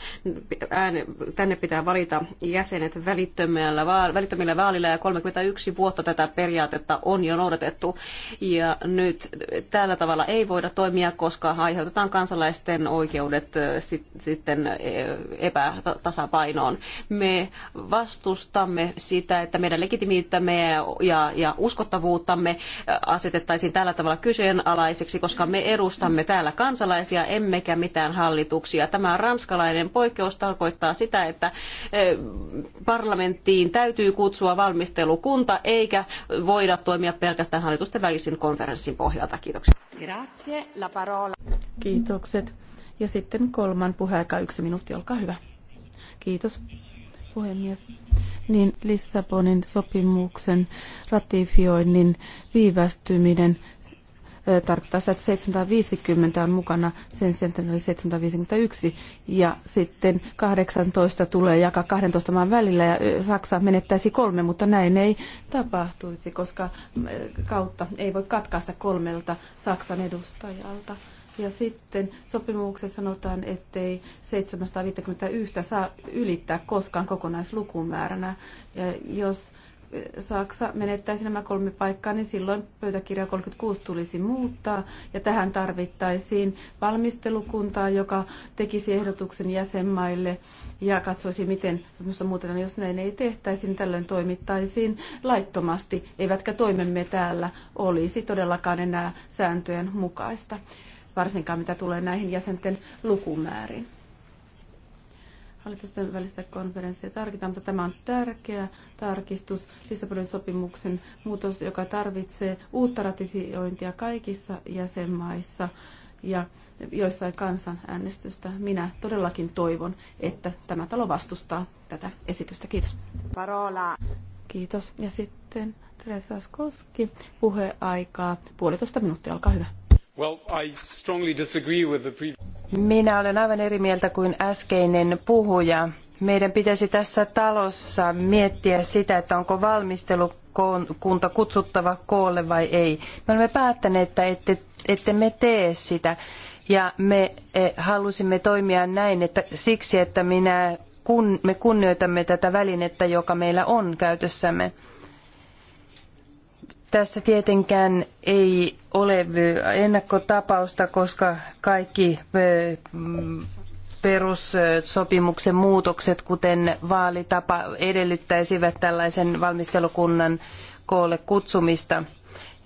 Ääne, tänne pitää valita jäsenet välittömillä, välittömillä vaalilla ja 31 vuotta tätä periaatetta on jo noudatettu. Ja nyt tällä tavalla ei voida toimia, koska aiheutetaan kansalaisten oikeudet sit, sitten epätasapainoon. Me vastustamme sitä, että meidän legitimiyttämme me ja, ja uskottavuuttamme asetettaisiin tällä tavalla kyseenalaiseksi, koska me edustamme täällä kansalaisia emmekä mitään hallituksia. Tämä ranskalainen poikkeus tarkoittaa sitä, että e, parlamenttiin täytyy kutsua valmistelukunta eikä voida toimia pelkästään hallitusten välisen konferenssin pohjalta. Kiitoksia. Grazie, la parola. Kiitokset. Ja sitten kolman puheaika yksi minuutti, olkaa hyvä. Kiitos puhemies niin Lissabonin sopimuksen ratifioinnin viivästyminen tarkoittaa sitä, että 750 on mukana, sen sijaan oli 751, ja sitten 18 tulee jakaa 12 maan välillä, ja Saksa menettäisi kolme, mutta näin ei tapahtuisi, koska kautta ei voi katkaista kolmelta Saksan edustajalta. Ja sitten sopimuksessa sanotaan, ettei 751 saa ylittää koskaan kokonaislukumääränä. Ja jos e, Saksa menettäisi nämä kolme paikkaa, niin silloin pöytäkirja 36 tulisi muuttaa. Ja tähän tarvittaisiin valmistelukuntaa, joka tekisi ehdotuksen jäsenmaille ja katsoisi, miten sopimusta muutetaan. Jos näin ei tehtäisi, niin tällöin toimittaisiin laittomasti, eivätkä toimemme täällä olisi todellakaan enää sääntöjen mukaista varsinkaan mitä tulee näihin jäsenten lukumääriin. Hallitusten välistä konferenssia tarkitaan, mutta tämä on tärkeä tarkistus. Lissabonin sopimuksen muutos, joka tarvitsee uutta ratifiointia kaikissa jäsenmaissa ja joissain kansanäänestystä. Minä todellakin toivon, että tämä talo vastustaa tätä esitystä. Kiitos. Parola. Kiitos. Ja sitten Teresa Koski, puheaikaa puolitoista minuuttia, olkaa hyvä. Minä olen aivan eri mieltä kuin äskeinen puhuja. Meidän pitäisi tässä talossa miettiä sitä, että onko valmistelukunta kutsuttava koolle vai ei. Me olemme päättäneet, että ette, ette me tee sitä. Ja me eh, halusimme toimia näin että siksi, että minä, kun, me kunnioitamme tätä välinettä, joka meillä on käytössämme. Tässä tietenkään ei ole ennakkotapausta, koska kaikki perussopimuksen muutokset, kuten vaalitapa, edellyttäisivät tällaisen valmistelukunnan koolle kutsumista.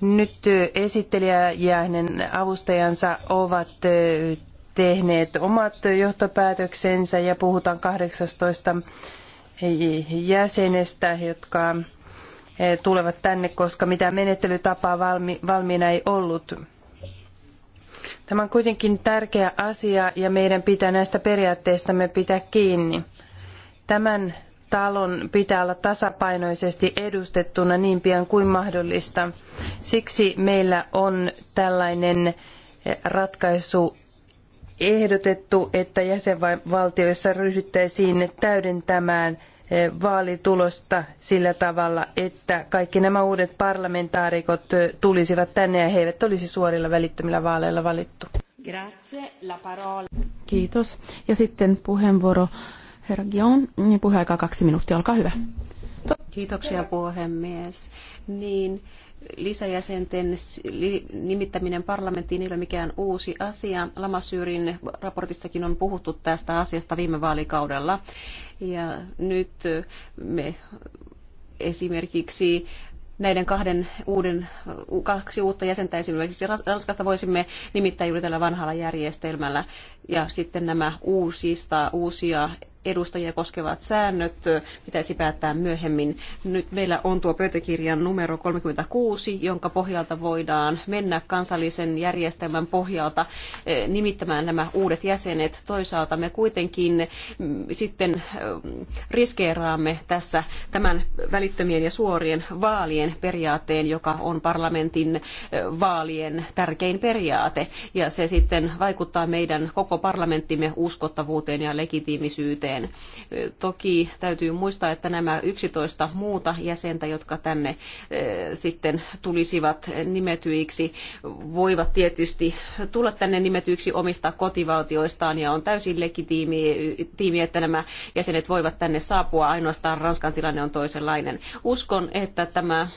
Nyt esittelijä ja hänen avustajansa ovat tehneet omat johtopäätöksensä ja puhutaan 18 jäsenestä, jotka Eh, tulevat tänne, koska mitään menettelytapaa valmi, valmiina ei ollut. Tämä on kuitenkin tärkeä asia ja meidän pitää näistä periaatteistamme pitää kiinni. Tämän talon pitää olla tasapainoisesti edustettuna niin pian kuin mahdollista. Siksi meillä on tällainen eh, ratkaisu ehdotettu, että jäsenvaltioissa ryhdyttäisiin täydentämään – Eh, vaalitulosta sillä tavalla, että kaikki nämä uudet parlamentaarikot eh, tulisivat tänne ja he eivät olisi suorilla välittömillä vaaleilla valittu. Kiitos. Ja sitten puheenvuoro herra Gion. Puheaikaa kaksi minuuttia, olkaa hyvä. Kiitoksia puhemies. Niin, lisäjäsenten nimittäminen parlamenttiin ei ole mikään uusi asia. Lamasyyrin raportissakin on puhuttu tästä asiasta viime vaalikaudella. Ja nyt me esimerkiksi näiden kahden uuden, kaksi uutta jäsentä esimerkiksi Ranskasta voisimme nimittää juuri tällä vanhalla järjestelmällä. Ja sitten nämä uusista, uusia edustajia koskevat säännöt pitäisi päättää myöhemmin. Nyt meillä on tuo pöytäkirjan numero 36, jonka pohjalta voidaan mennä kansallisen järjestelmän pohjalta nimittämään nämä uudet jäsenet. Toisaalta me kuitenkin sitten riskeeraamme tässä tämän välittömien ja suorien vaalien periaatteen, joka on parlamentin vaalien tärkein periaate. Ja se sitten vaikuttaa meidän koko parlamenttimme uskottavuuteen ja legitiimisyyteen edelleen. Toki täytyy muistaa, että nämä 11 muuta jäsentä, jotka tänne eh, sitten tulisivat nimetyiksi, voivat tietysti tulla tänne nimetyiksi omista kotivaltioistaan ja on täysin legitiimi, että nämä jäsenet voivat tänne saapua. Ainoastaan Ranskan tilanne on toisenlainen. Uskon, että tämä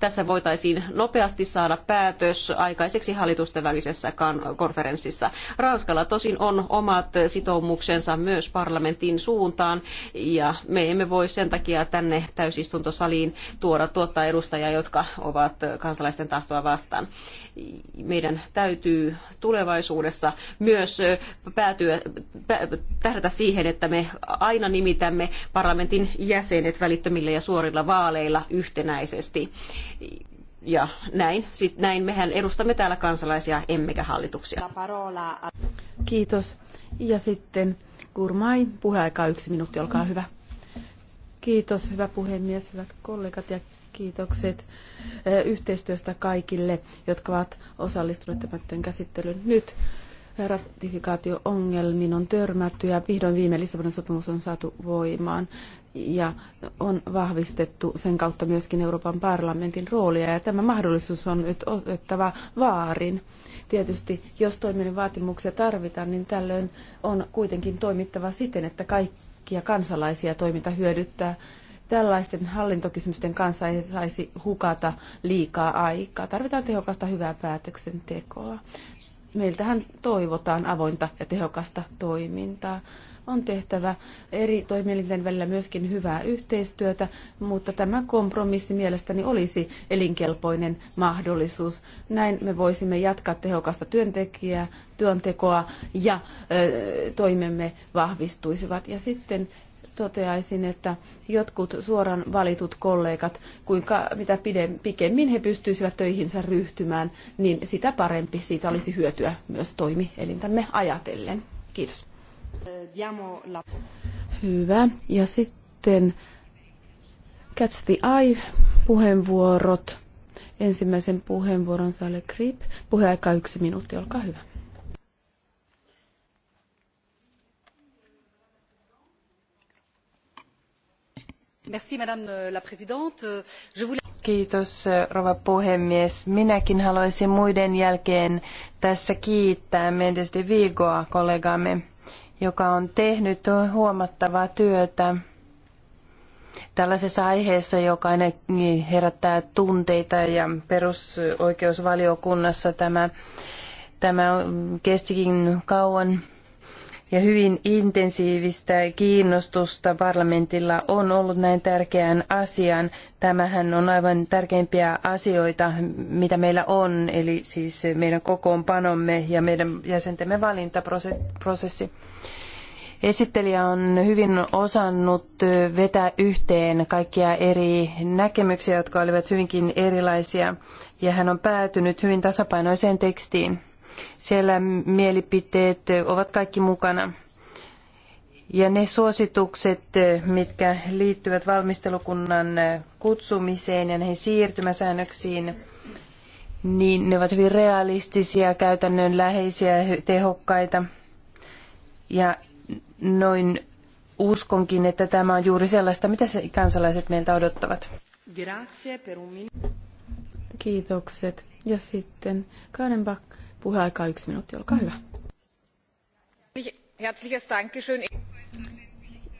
tässä voitaisiin nopeasti saada päätös aikaiseksi hallitusten välisessä konferenssissa. Ranskalla tosin on omat sitoumuksensa myös parlamentin suuntaan ja me emme voi sen takia tänne täysistuntosaliin tuoda tuottaa edustajia, jotka ovat kansalaisten tahtoa vastaan. Meidän täytyy tulevaisuudessa myös päätyä, pä, tähdätä siihen, että me aina nimitämme parlamentin jäsenet välittömillä ja suorilla vaaleilla yhtenäisesti mukaisesti. Ja näin, sit näin mehän edustamme täällä kansalaisia emmekä hallituksia. Kiitos. Ja sitten Kurmai, puheaika yksi minuutti, olkaa hyvä. Kiitos, hyvä puhemies, hyvät kollegat ja kiitokset yhteistyöstä kaikille, jotka ovat osallistuneet tämän käsittelyyn. Nyt ratifikaatio-ongelmiin on törmätty ja vihdoin viime Lissabonin sopimus on saatu voimaan ja on vahvistettu sen kautta myöskin Euroopan parlamentin roolia ja tämä mahdollisuus on nyt otettava vaarin. Tietysti jos toiminnan vaatimuksia tarvitaan, niin tällöin on kuitenkin toimittava siten, että kaikkia kansalaisia toiminta hyödyttää. Tällaisten hallintokysymysten kanssa ei saisi hukata liikaa aikaa. Tarvitaan tehokasta hyvää päätöksentekoa meiltähän toivotaan avointa ja tehokasta toimintaa. On tehtävä eri toimielinten välillä myöskin hyvää yhteistyötä, mutta tämä kompromissi mielestäni olisi elinkelpoinen mahdollisuus. Näin me voisimme jatkaa tehokasta työntekijää, työntekoa ja ö, toimemme vahvistuisivat. Ja sitten toteaisin, että jotkut suoran valitut kollegat, kuinka mitä pikemmin he pystyisivät töihinsä ryhtymään, niin sitä parempi siitä olisi hyötyä myös toimielintämme ajatellen. Kiitos. Hyvä. Ja sitten Catch the Eye-puheenvuorot. Ensimmäisen puheenvuoron saa Le Grip. Puheaika yksi minuutti, olkaa hyvä. Euh, euh, Kiitos äh, rouva puhemies. Minäkin haluaisin muiden jälkeen tässä kiittää Mendes de Vigoa kollegamme, joka on tehnyt huomattavaa työtä tällaisessa aiheessa, joka aina herättää tunteita ja perusoikeusvaliokunnassa tämä, tämä kestikin kauan ja hyvin intensiivistä kiinnostusta parlamentilla on ollut näin tärkeään asiaan. Tämähän on aivan tärkeimpiä asioita, mitä meillä on, eli siis meidän kokoonpanomme ja meidän jäsentemme valintaprosessi. Esittelijä on hyvin osannut vetää yhteen kaikkia eri näkemyksiä, jotka olivat hyvinkin erilaisia, ja hän on päätynyt hyvin tasapainoiseen tekstiin. Siellä mielipiteet ovat kaikki mukana. Ja ne suositukset, mitkä liittyvät valmistelukunnan kutsumiseen ja näihin siirtymäsäännöksiin, niin ne ovat hyvin realistisia, käytännönläheisiä, tehokkaita. Ja noin uskonkin, että tämä on juuri sellaista, mitä kansalaiset meiltä odottavat. Kiitokset. Ja sitten Kaarenbach, Puheaikaa yksi minuutti, olkaa hyvä.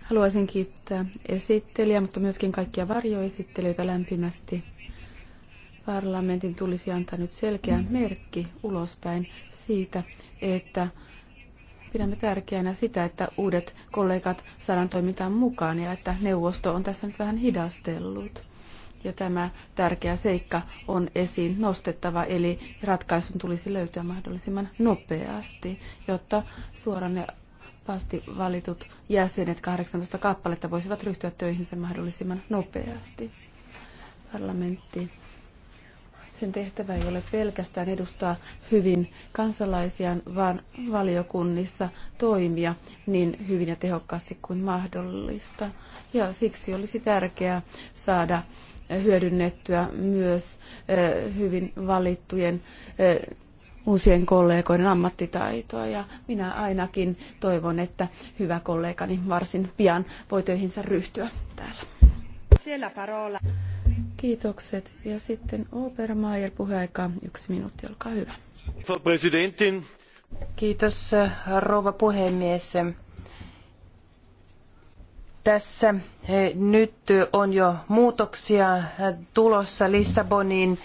Haluaisin kiittää esittelijää, mutta myöskin kaikkia varjoesittelijöitä lämpimästi. Parlamentin tulisi antaa nyt selkeä merkki ulospäin siitä, että pidämme tärkeänä sitä, että uudet kollegat saadaan toimintaan mukaan ja että neuvosto on tässä nyt vähän hidastellut ja tämä tärkeä seikka on esiin nostettava, eli ratkaisun tulisi löytyä mahdollisimman nopeasti, jotta suoranne valitut jäsenet 18 kappaletta voisivat ryhtyä töihinsä mahdollisimman nopeasti. Parlamentti sen tehtävä ei ole pelkästään edustaa hyvin kansalaisiaan, vaan valiokunnissa toimia niin hyvin ja tehokkaasti kuin mahdollista. Ja siksi olisi tärkeää saada hyödynnettyä myös hyvin valittujen uusien kollegoiden ammattitaitoa ja minä ainakin toivon, että hyvä kollegani varsin pian voi töihinsä ryhtyä täällä. Siellä parola. Kiitokset. Ja sitten Obermeier puheaika. Yksi minuutti, olkaa hyvä. Kiitos rouva puhemies. Tässä nyt on jo muutoksia tulossa Lissaboniin,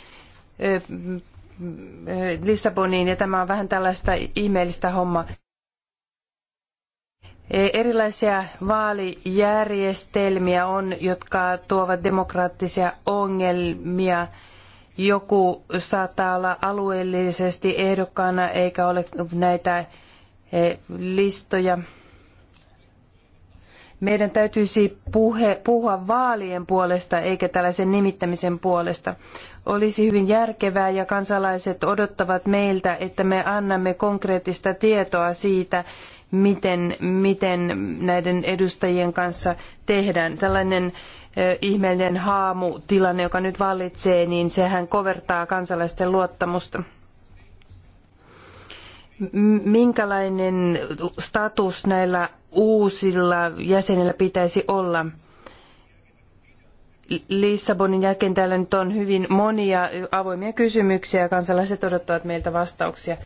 Lissaboniin ja tämä on vähän tällaista ihmeellistä hommaa. E, erilaisia vaalijärjestelmiä on, jotka tuovat demokraattisia ongelmia. Joku saattaa olla alueellisesti ehdokkaana eikä ole näitä e, listoja. Meidän täytyisi puhe, puhua vaalien puolesta eikä tällaisen nimittämisen puolesta. Olisi hyvin järkevää ja kansalaiset odottavat meiltä, että me annamme konkreettista tietoa siitä, miten, miten näiden edustajien kanssa tehdään. Tällainen ihmeellinen haamutilanne, joka nyt vallitsee, niin sehän kovertaa kansalaisten luottamusta minkälainen status näillä uusilla jäsenillä pitäisi olla. Lissabonin jälkeen täällä nyt on hyvin monia avoimia kysymyksiä ja kansalaiset odottavat meiltä vastauksia.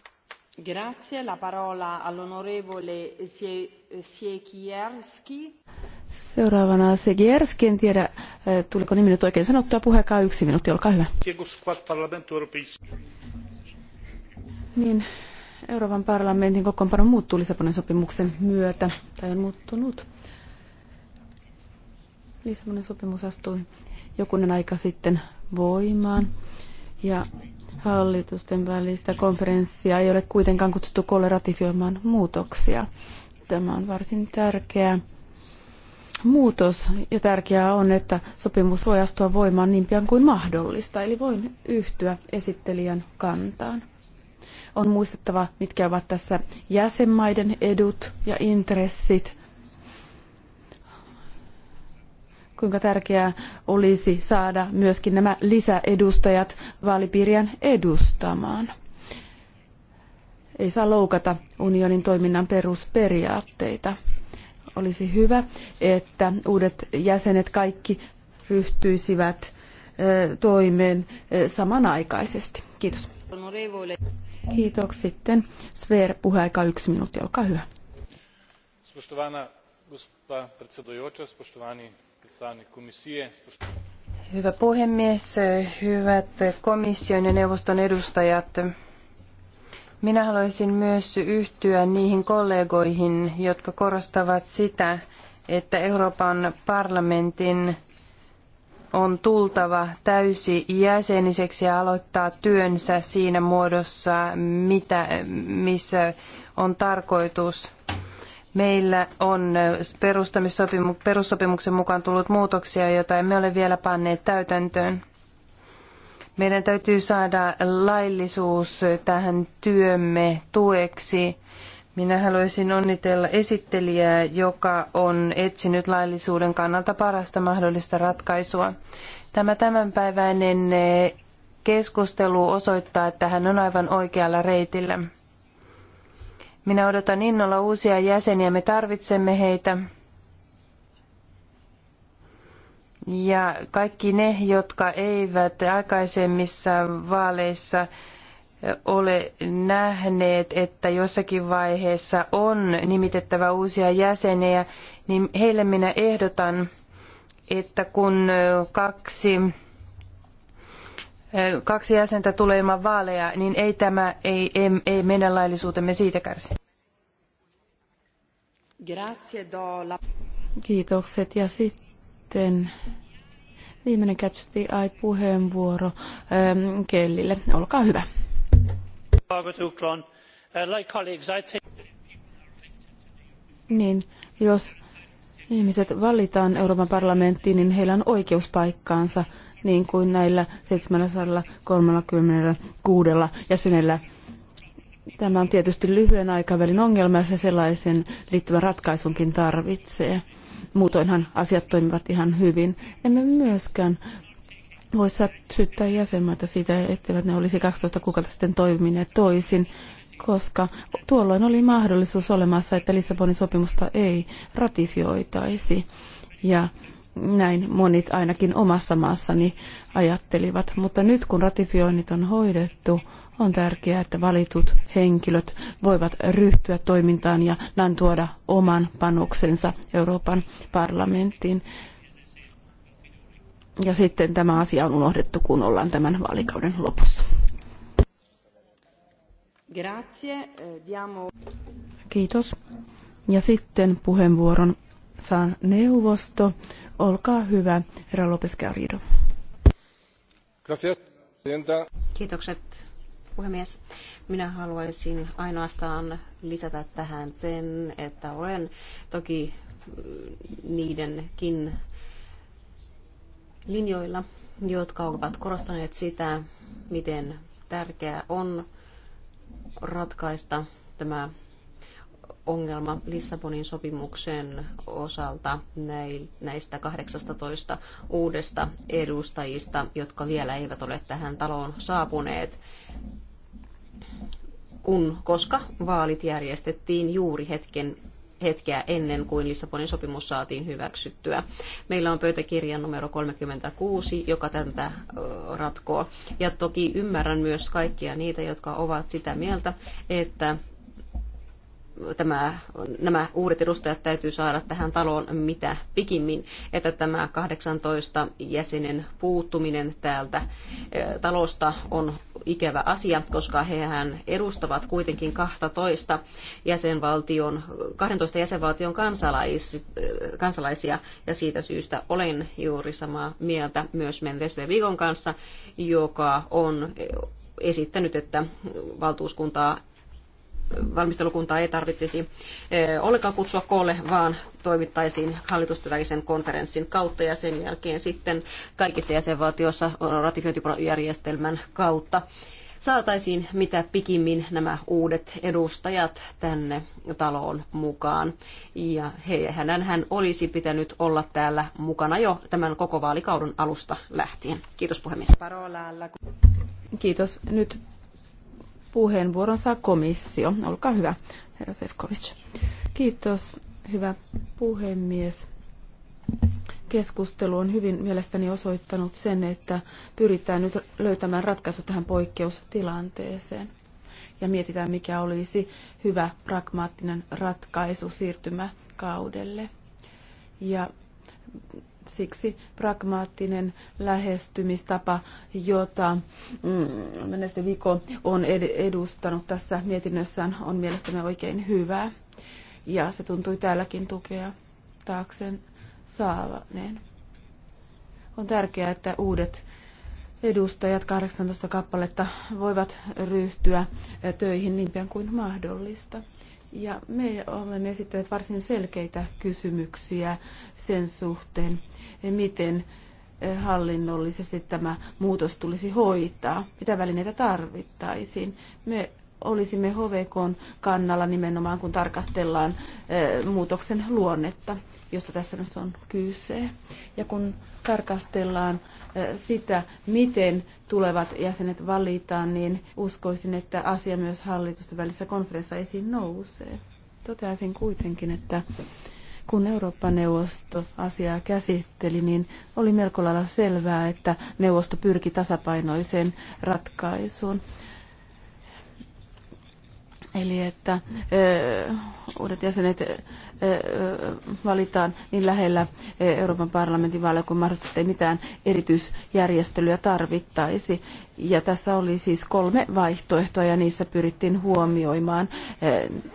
Grazie, la parola all'onorevole Siekierski. Seuraavana Siekierski, en tiedä eh, tuliko nimi nyt oikein sanottua, puhekaa yksi minuutti, olkaa hyvä. Niin, Euroopan parlamentin kokoonpano muuttuu Lissabonin sopimuksen myötä, tai on muuttunut. Lissabonin sopimus astui jokunen aika sitten voimaan, ja hallitusten välistä konferenssia ei ole kuitenkaan kutsuttu koolle ratifioimaan muutoksia. Tämä on varsin tärkeä muutos, ja tärkeää on, että sopimus voi astua voimaan niin pian kuin mahdollista, eli voin yhtyä esittelijän kantaan on muistettava, mitkä ovat tässä jäsenmaiden edut ja intressit. Kuinka tärkeää olisi saada myöskin nämä lisäedustajat vaalipiirien edustamaan. Ei saa loukata unionin toiminnan perusperiaatteita. Olisi hyvä, että uudet jäsenet kaikki ryhtyisivät toimeen samanaikaisesti. Kiitos. Kiitos sitten. Sver, puheaika yksi minuutti, olkaa hyvä. Hyvä puhemies, hyvät komission ja neuvoston edustajat. Minä haluaisin myös yhtyä niihin kollegoihin, jotka korostavat sitä, että Euroopan parlamentin on tultava täysi jäseniseksi ja aloittaa työnsä siinä muodossa, mitä, missä on tarkoitus. Meillä on perussopimuksen mukaan tullut muutoksia, joita emme ole vielä panneet täytäntöön. Meidän täytyy saada laillisuus tähän työmme tueksi minä haluaisin onnitella esittelijää, joka on etsinyt laillisuuden kannalta parasta mahdollista ratkaisua. Tämä tämänpäiväinen eh, keskustelu osoittaa, että hän on aivan oikealla reitillä. Minä odotan innolla uusia jäseniä, me tarvitsemme heitä. Ja kaikki ne, jotka eivät aikaisemmissa vaaleissa ole nähneet, että jossakin vaiheessa on nimitettävä uusia jäseniä, niin heille minä ehdotan, että kun kaksi, kaksi jäsentä tulee ilman vaaleja, niin ei tämä, ei, ei, ei meidän laillisuutemme siitä kärsi. Kiitokset ja sitten viimeinen catch the eye puheenvuoro Kellille. Olkaa hyvä. Uh, niin, jos ihmiset valitaan Euroopan parlamenttiin, niin heillä on oikeus paikkaansa, niin kuin näillä 736 jäsenellä. Tämä on tietysti lyhyen aikavälin ongelma, ja se sellaisen liittyvän ratkaisunkin tarvitsee. Muutoinhan asiat toimivat ihan hyvin. Emme myöskään voi syyttää jäsenmaita siitä, etteivät ne olisi 12 kuukautta sitten toimineet toisin, koska tuolloin oli mahdollisuus olemassa, että Lissabonin sopimusta ei ratifioitaisi. Ja näin monit ainakin omassa maassani ajattelivat. Mutta nyt kun ratifioinnit on hoidettu, on tärkeää, että valitut henkilöt voivat ryhtyä toimintaan ja näin tuoda oman panoksensa Euroopan parlamenttiin. Ja sitten tämä asia on unohdettu, kun ollaan tämän vaalikauden lopussa. Eh, Kiitos. Ja sitten puheenvuoron saa neuvosto. Olkaa hyvä, herra Lopes Garrido. Kiitokset, puhemies. Minä haluaisin ainoastaan lisätä tähän sen, että olen toki mm, niidenkin linjoilla, jotka ovat korostaneet sitä, miten tärkeää on ratkaista tämä ongelma Lissabonin sopimuksen osalta näistä 18 uudesta edustajista, jotka vielä eivät ole tähän taloon saapuneet, kun, koska vaalit järjestettiin juuri hetken hetkeä ennen kuin Lissabonin sopimus saatiin hyväksyttyä. Meillä on pöytäkirja numero 36, joka tätä ratkoo. Ja toki ymmärrän myös kaikkia niitä, jotka ovat sitä mieltä, että tämä, nämä uudet edustajat täytyy saada tähän taloon mitä pikimmin, että tämä 18 jäsenen puuttuminen täältä eh, talosta on ikävä asia, koska hehän edustavat kuitenkin 12 jäsenvaltion, 12 jäsenvaltion kansalais, eh, kansalaisia ja siitä syystä olen juuri samaa mieltä myös Mendes de Vigon kanssa, joka on eh, esittänyt, että valtuuskuntaa valmistelukuntaa ei tarvitsisi eh, ollenkaan kutsua koolle, vaan toimittaisiin hallitusten konferenssin kautta ja sen jälkeen sitten kaikissa jäsenvaltioissa ratifiointijärjestelmän kautta saataisiin mitä pikimmin nämä uudet edustajat tänne taloon mukaan. Ja hänen hän olisi pitänyt olla täällä mukana jo tämän koko vaalikauden alusta lähtien. Kiitos puhemies. Kiitos. Nyt puheenvuoronsa komissio. Olkaa hyvä, herra Sefcovic. Kiitos, hyvä puhemies. Keskustelu on hyvin mielestäni osoittanut sen, että pyritään nyt löytämään ratkaisu tähän poikkeustilanteeseen ja mietitään, mikä olisi hyvä pragmaattinen ratkaisu siirtymäkaudelle. Ja Siksi pragmaattinen lähestymistapa, jota mm, Meneste Viko on edustanut tässä mietinnössään, on mielestäni oikein hyvä. Ja se tuntui täälläkin tukea taakseen saavaneen. On tärkeää, että uudet edustajat, 18 kappaletta, voivat ryhtyä töihin niin pian kuin mahdollista. Ja me olemme esittäneet varsin selkeitä kysymyksiä sen suhteen, miten eh, hallinnollisesti tämä muutos tulisi hoitaa, mitä välineitä tarvittaisiin. Me olisimme HVKn kannalla nimenomaan, kun tarkastellaan eh, muutoksen luonnetta, josta tässä nyt on kyse. Ja kun tarkastellaan sitä, miten tulevat jäsenet valitaan, niin uskoisin, että asia myös hallitusten välissä konferenssissa esiin nousee. Toteaisin kuitenkin, että kun Eurooppa-neuvosto asiaa käsitteli, niin oli melko lailla selvää, että neuvosto pyrki tasapainoiseen ratkaisuun. Eli että ö, uudet jäsenet ö, valitaan niin lähellä Euroopan parlamentin vaaleja kuin mahdollista, ettei mitään erityisjärjestelyä tarvittaisi. Ja tässä oli siis kolme vaihtoehtoa ja niissä pyrittiin huomioimaan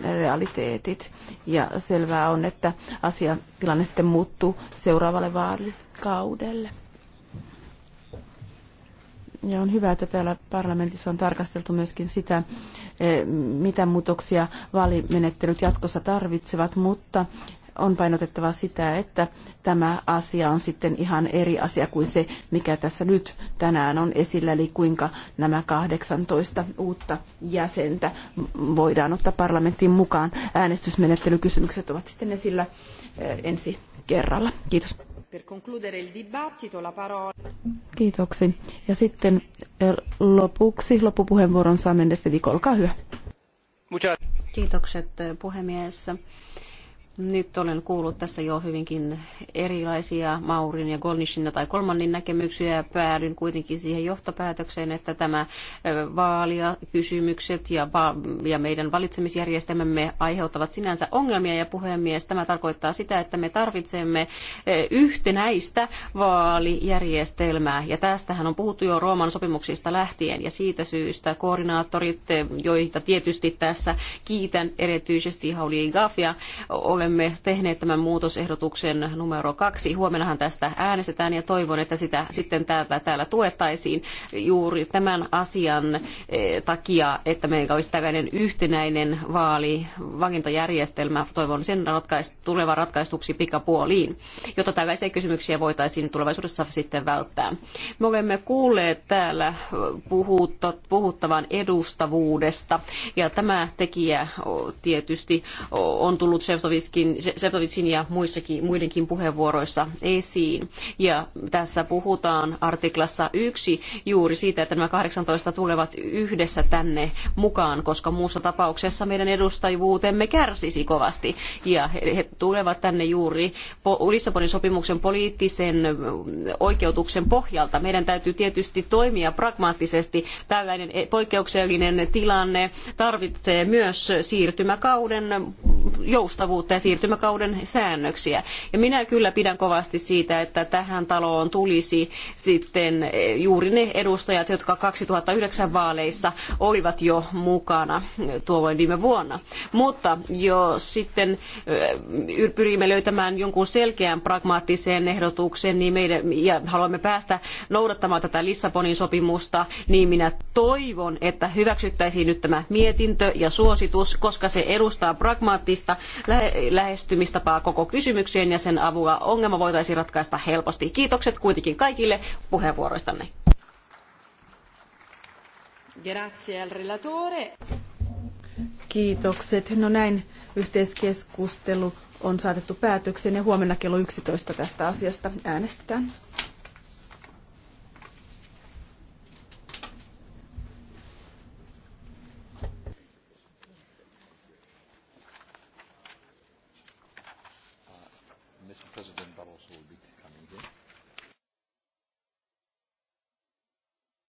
ö, realiteetit. Ja selvää on, että asiatilanne sitten muuttuu seuraavalle vaalikaudelle. Ja on hyvä, että täällä parlamentissa on tarkasteltu myöskin sitä, eh, mitä muutoksia vaalimenettelyt jatkossa tarvitsevat, mutta on painotettava sitä, että tämä asia on sitten ihan eri asia kuin se, mikä tässä nyt tänään on esillä, eli kuinka nämä 18 uutta jäsentä voidaan ottaa parlamenttiin mukaan. Äänestysmenettelykysymykset ovat sitten esillä eh, ensi kerralla. Kiitos. Per concludere il dibattito, la parola... Kiitoksi. Ja sitten eh, lopuksi loppupuheenvuoron saa Mendes Olkaa hyvä. Kiitokset eh, puhemies. Nyt olen kuullut tässä jo hyvinkin erilaisia Maurin ja Golnishin tai kolmannin näkemyksiä ja päädyn kuitenkin siihen johtopäätökseen, että tämä vaalia, kysymykset ja, ja meidän valitsemisjärjestelmämme aiheuttavat sinänsä ongelmia ja puhemies, tämä tarkoittaa sitä, että me tarvitsemme yhtenäistä vaalijärjestelmää ja tästähän on puhuttu jo Rooman sopimuksista lähtien ja siitä syystä koordinaattorit, joita tietysti tässä kiitän erityisesti Hauli Gafia olemme tehneet tämän muutosehdotuksen numero kaksi. Huomennahan tästä äänestetään ja toivon, että sitä sitten täällä, täällä tuettaisiin juuri tämän asian eh, takia, että meillä olisi tällainen yhtenäinen vaali, vakintajärjestelmä. Toivon sen ratkaist, tulevan ratkaistuksi pikapuoliin, jotta tällaisia kysymyksiä voitaisiin tulevaisuudessa sitten välttää. Me olemme kuulleet täällä puhuttavan edustavuudesta ja tämä tekijä tietysti on tullut Shevtovis myöskin Sepkovitsin ja muissakin, muidenkin puheenvuoroissa esiin. Ja tässä puhutaan artiklassa yksi juuri siitä, että nämä 18 tulevat yhdessä tänne mukaan, koska muussa tapauksessa meidän edustajuutemme kärsisi kovasti. Ja he tulevat tänne juuri Lissabonin sopimuksen poliittisen oikeutuksen pohjalta. Meidän täytyy tietysti toimia pragmaattisesti. Tällainen e-, poikkeuksellinen tilanne tarvitsee myös siirtymäkauden joustavuutta ja siirtymäkauden säännöksiä. Ja minä kyllä pidän kovasti siitä, että tähän taloon tulisi sitten eh, juuri ne edustajat, jotka 2009 vaaleissa olivat jo mukana eh, tuolloin viime vuonna. Mutta jos sitten eh, pyrimme löytämään jonkun selkeän pragmaattisen ehdotuksen niin meidän, ja haluamme päästä noudattamaan tätä Lissabonin sopimusta, niin minä toivon, että hyväksyttäisiin nyt tämä mietintö ja suositus, koska se edustaa pragmaattista lähestymistapaa koko kysymykseen ja sen avulla ongelma voitaisiin ratkaista helposti. Kiitokset kuitenkin kaikille puheenvuoroistanne. Kiitokset. No näin yhteiskeskustelu on saatettu päätökseen ja huomenna kello 11 tästä asiasta äänestetään.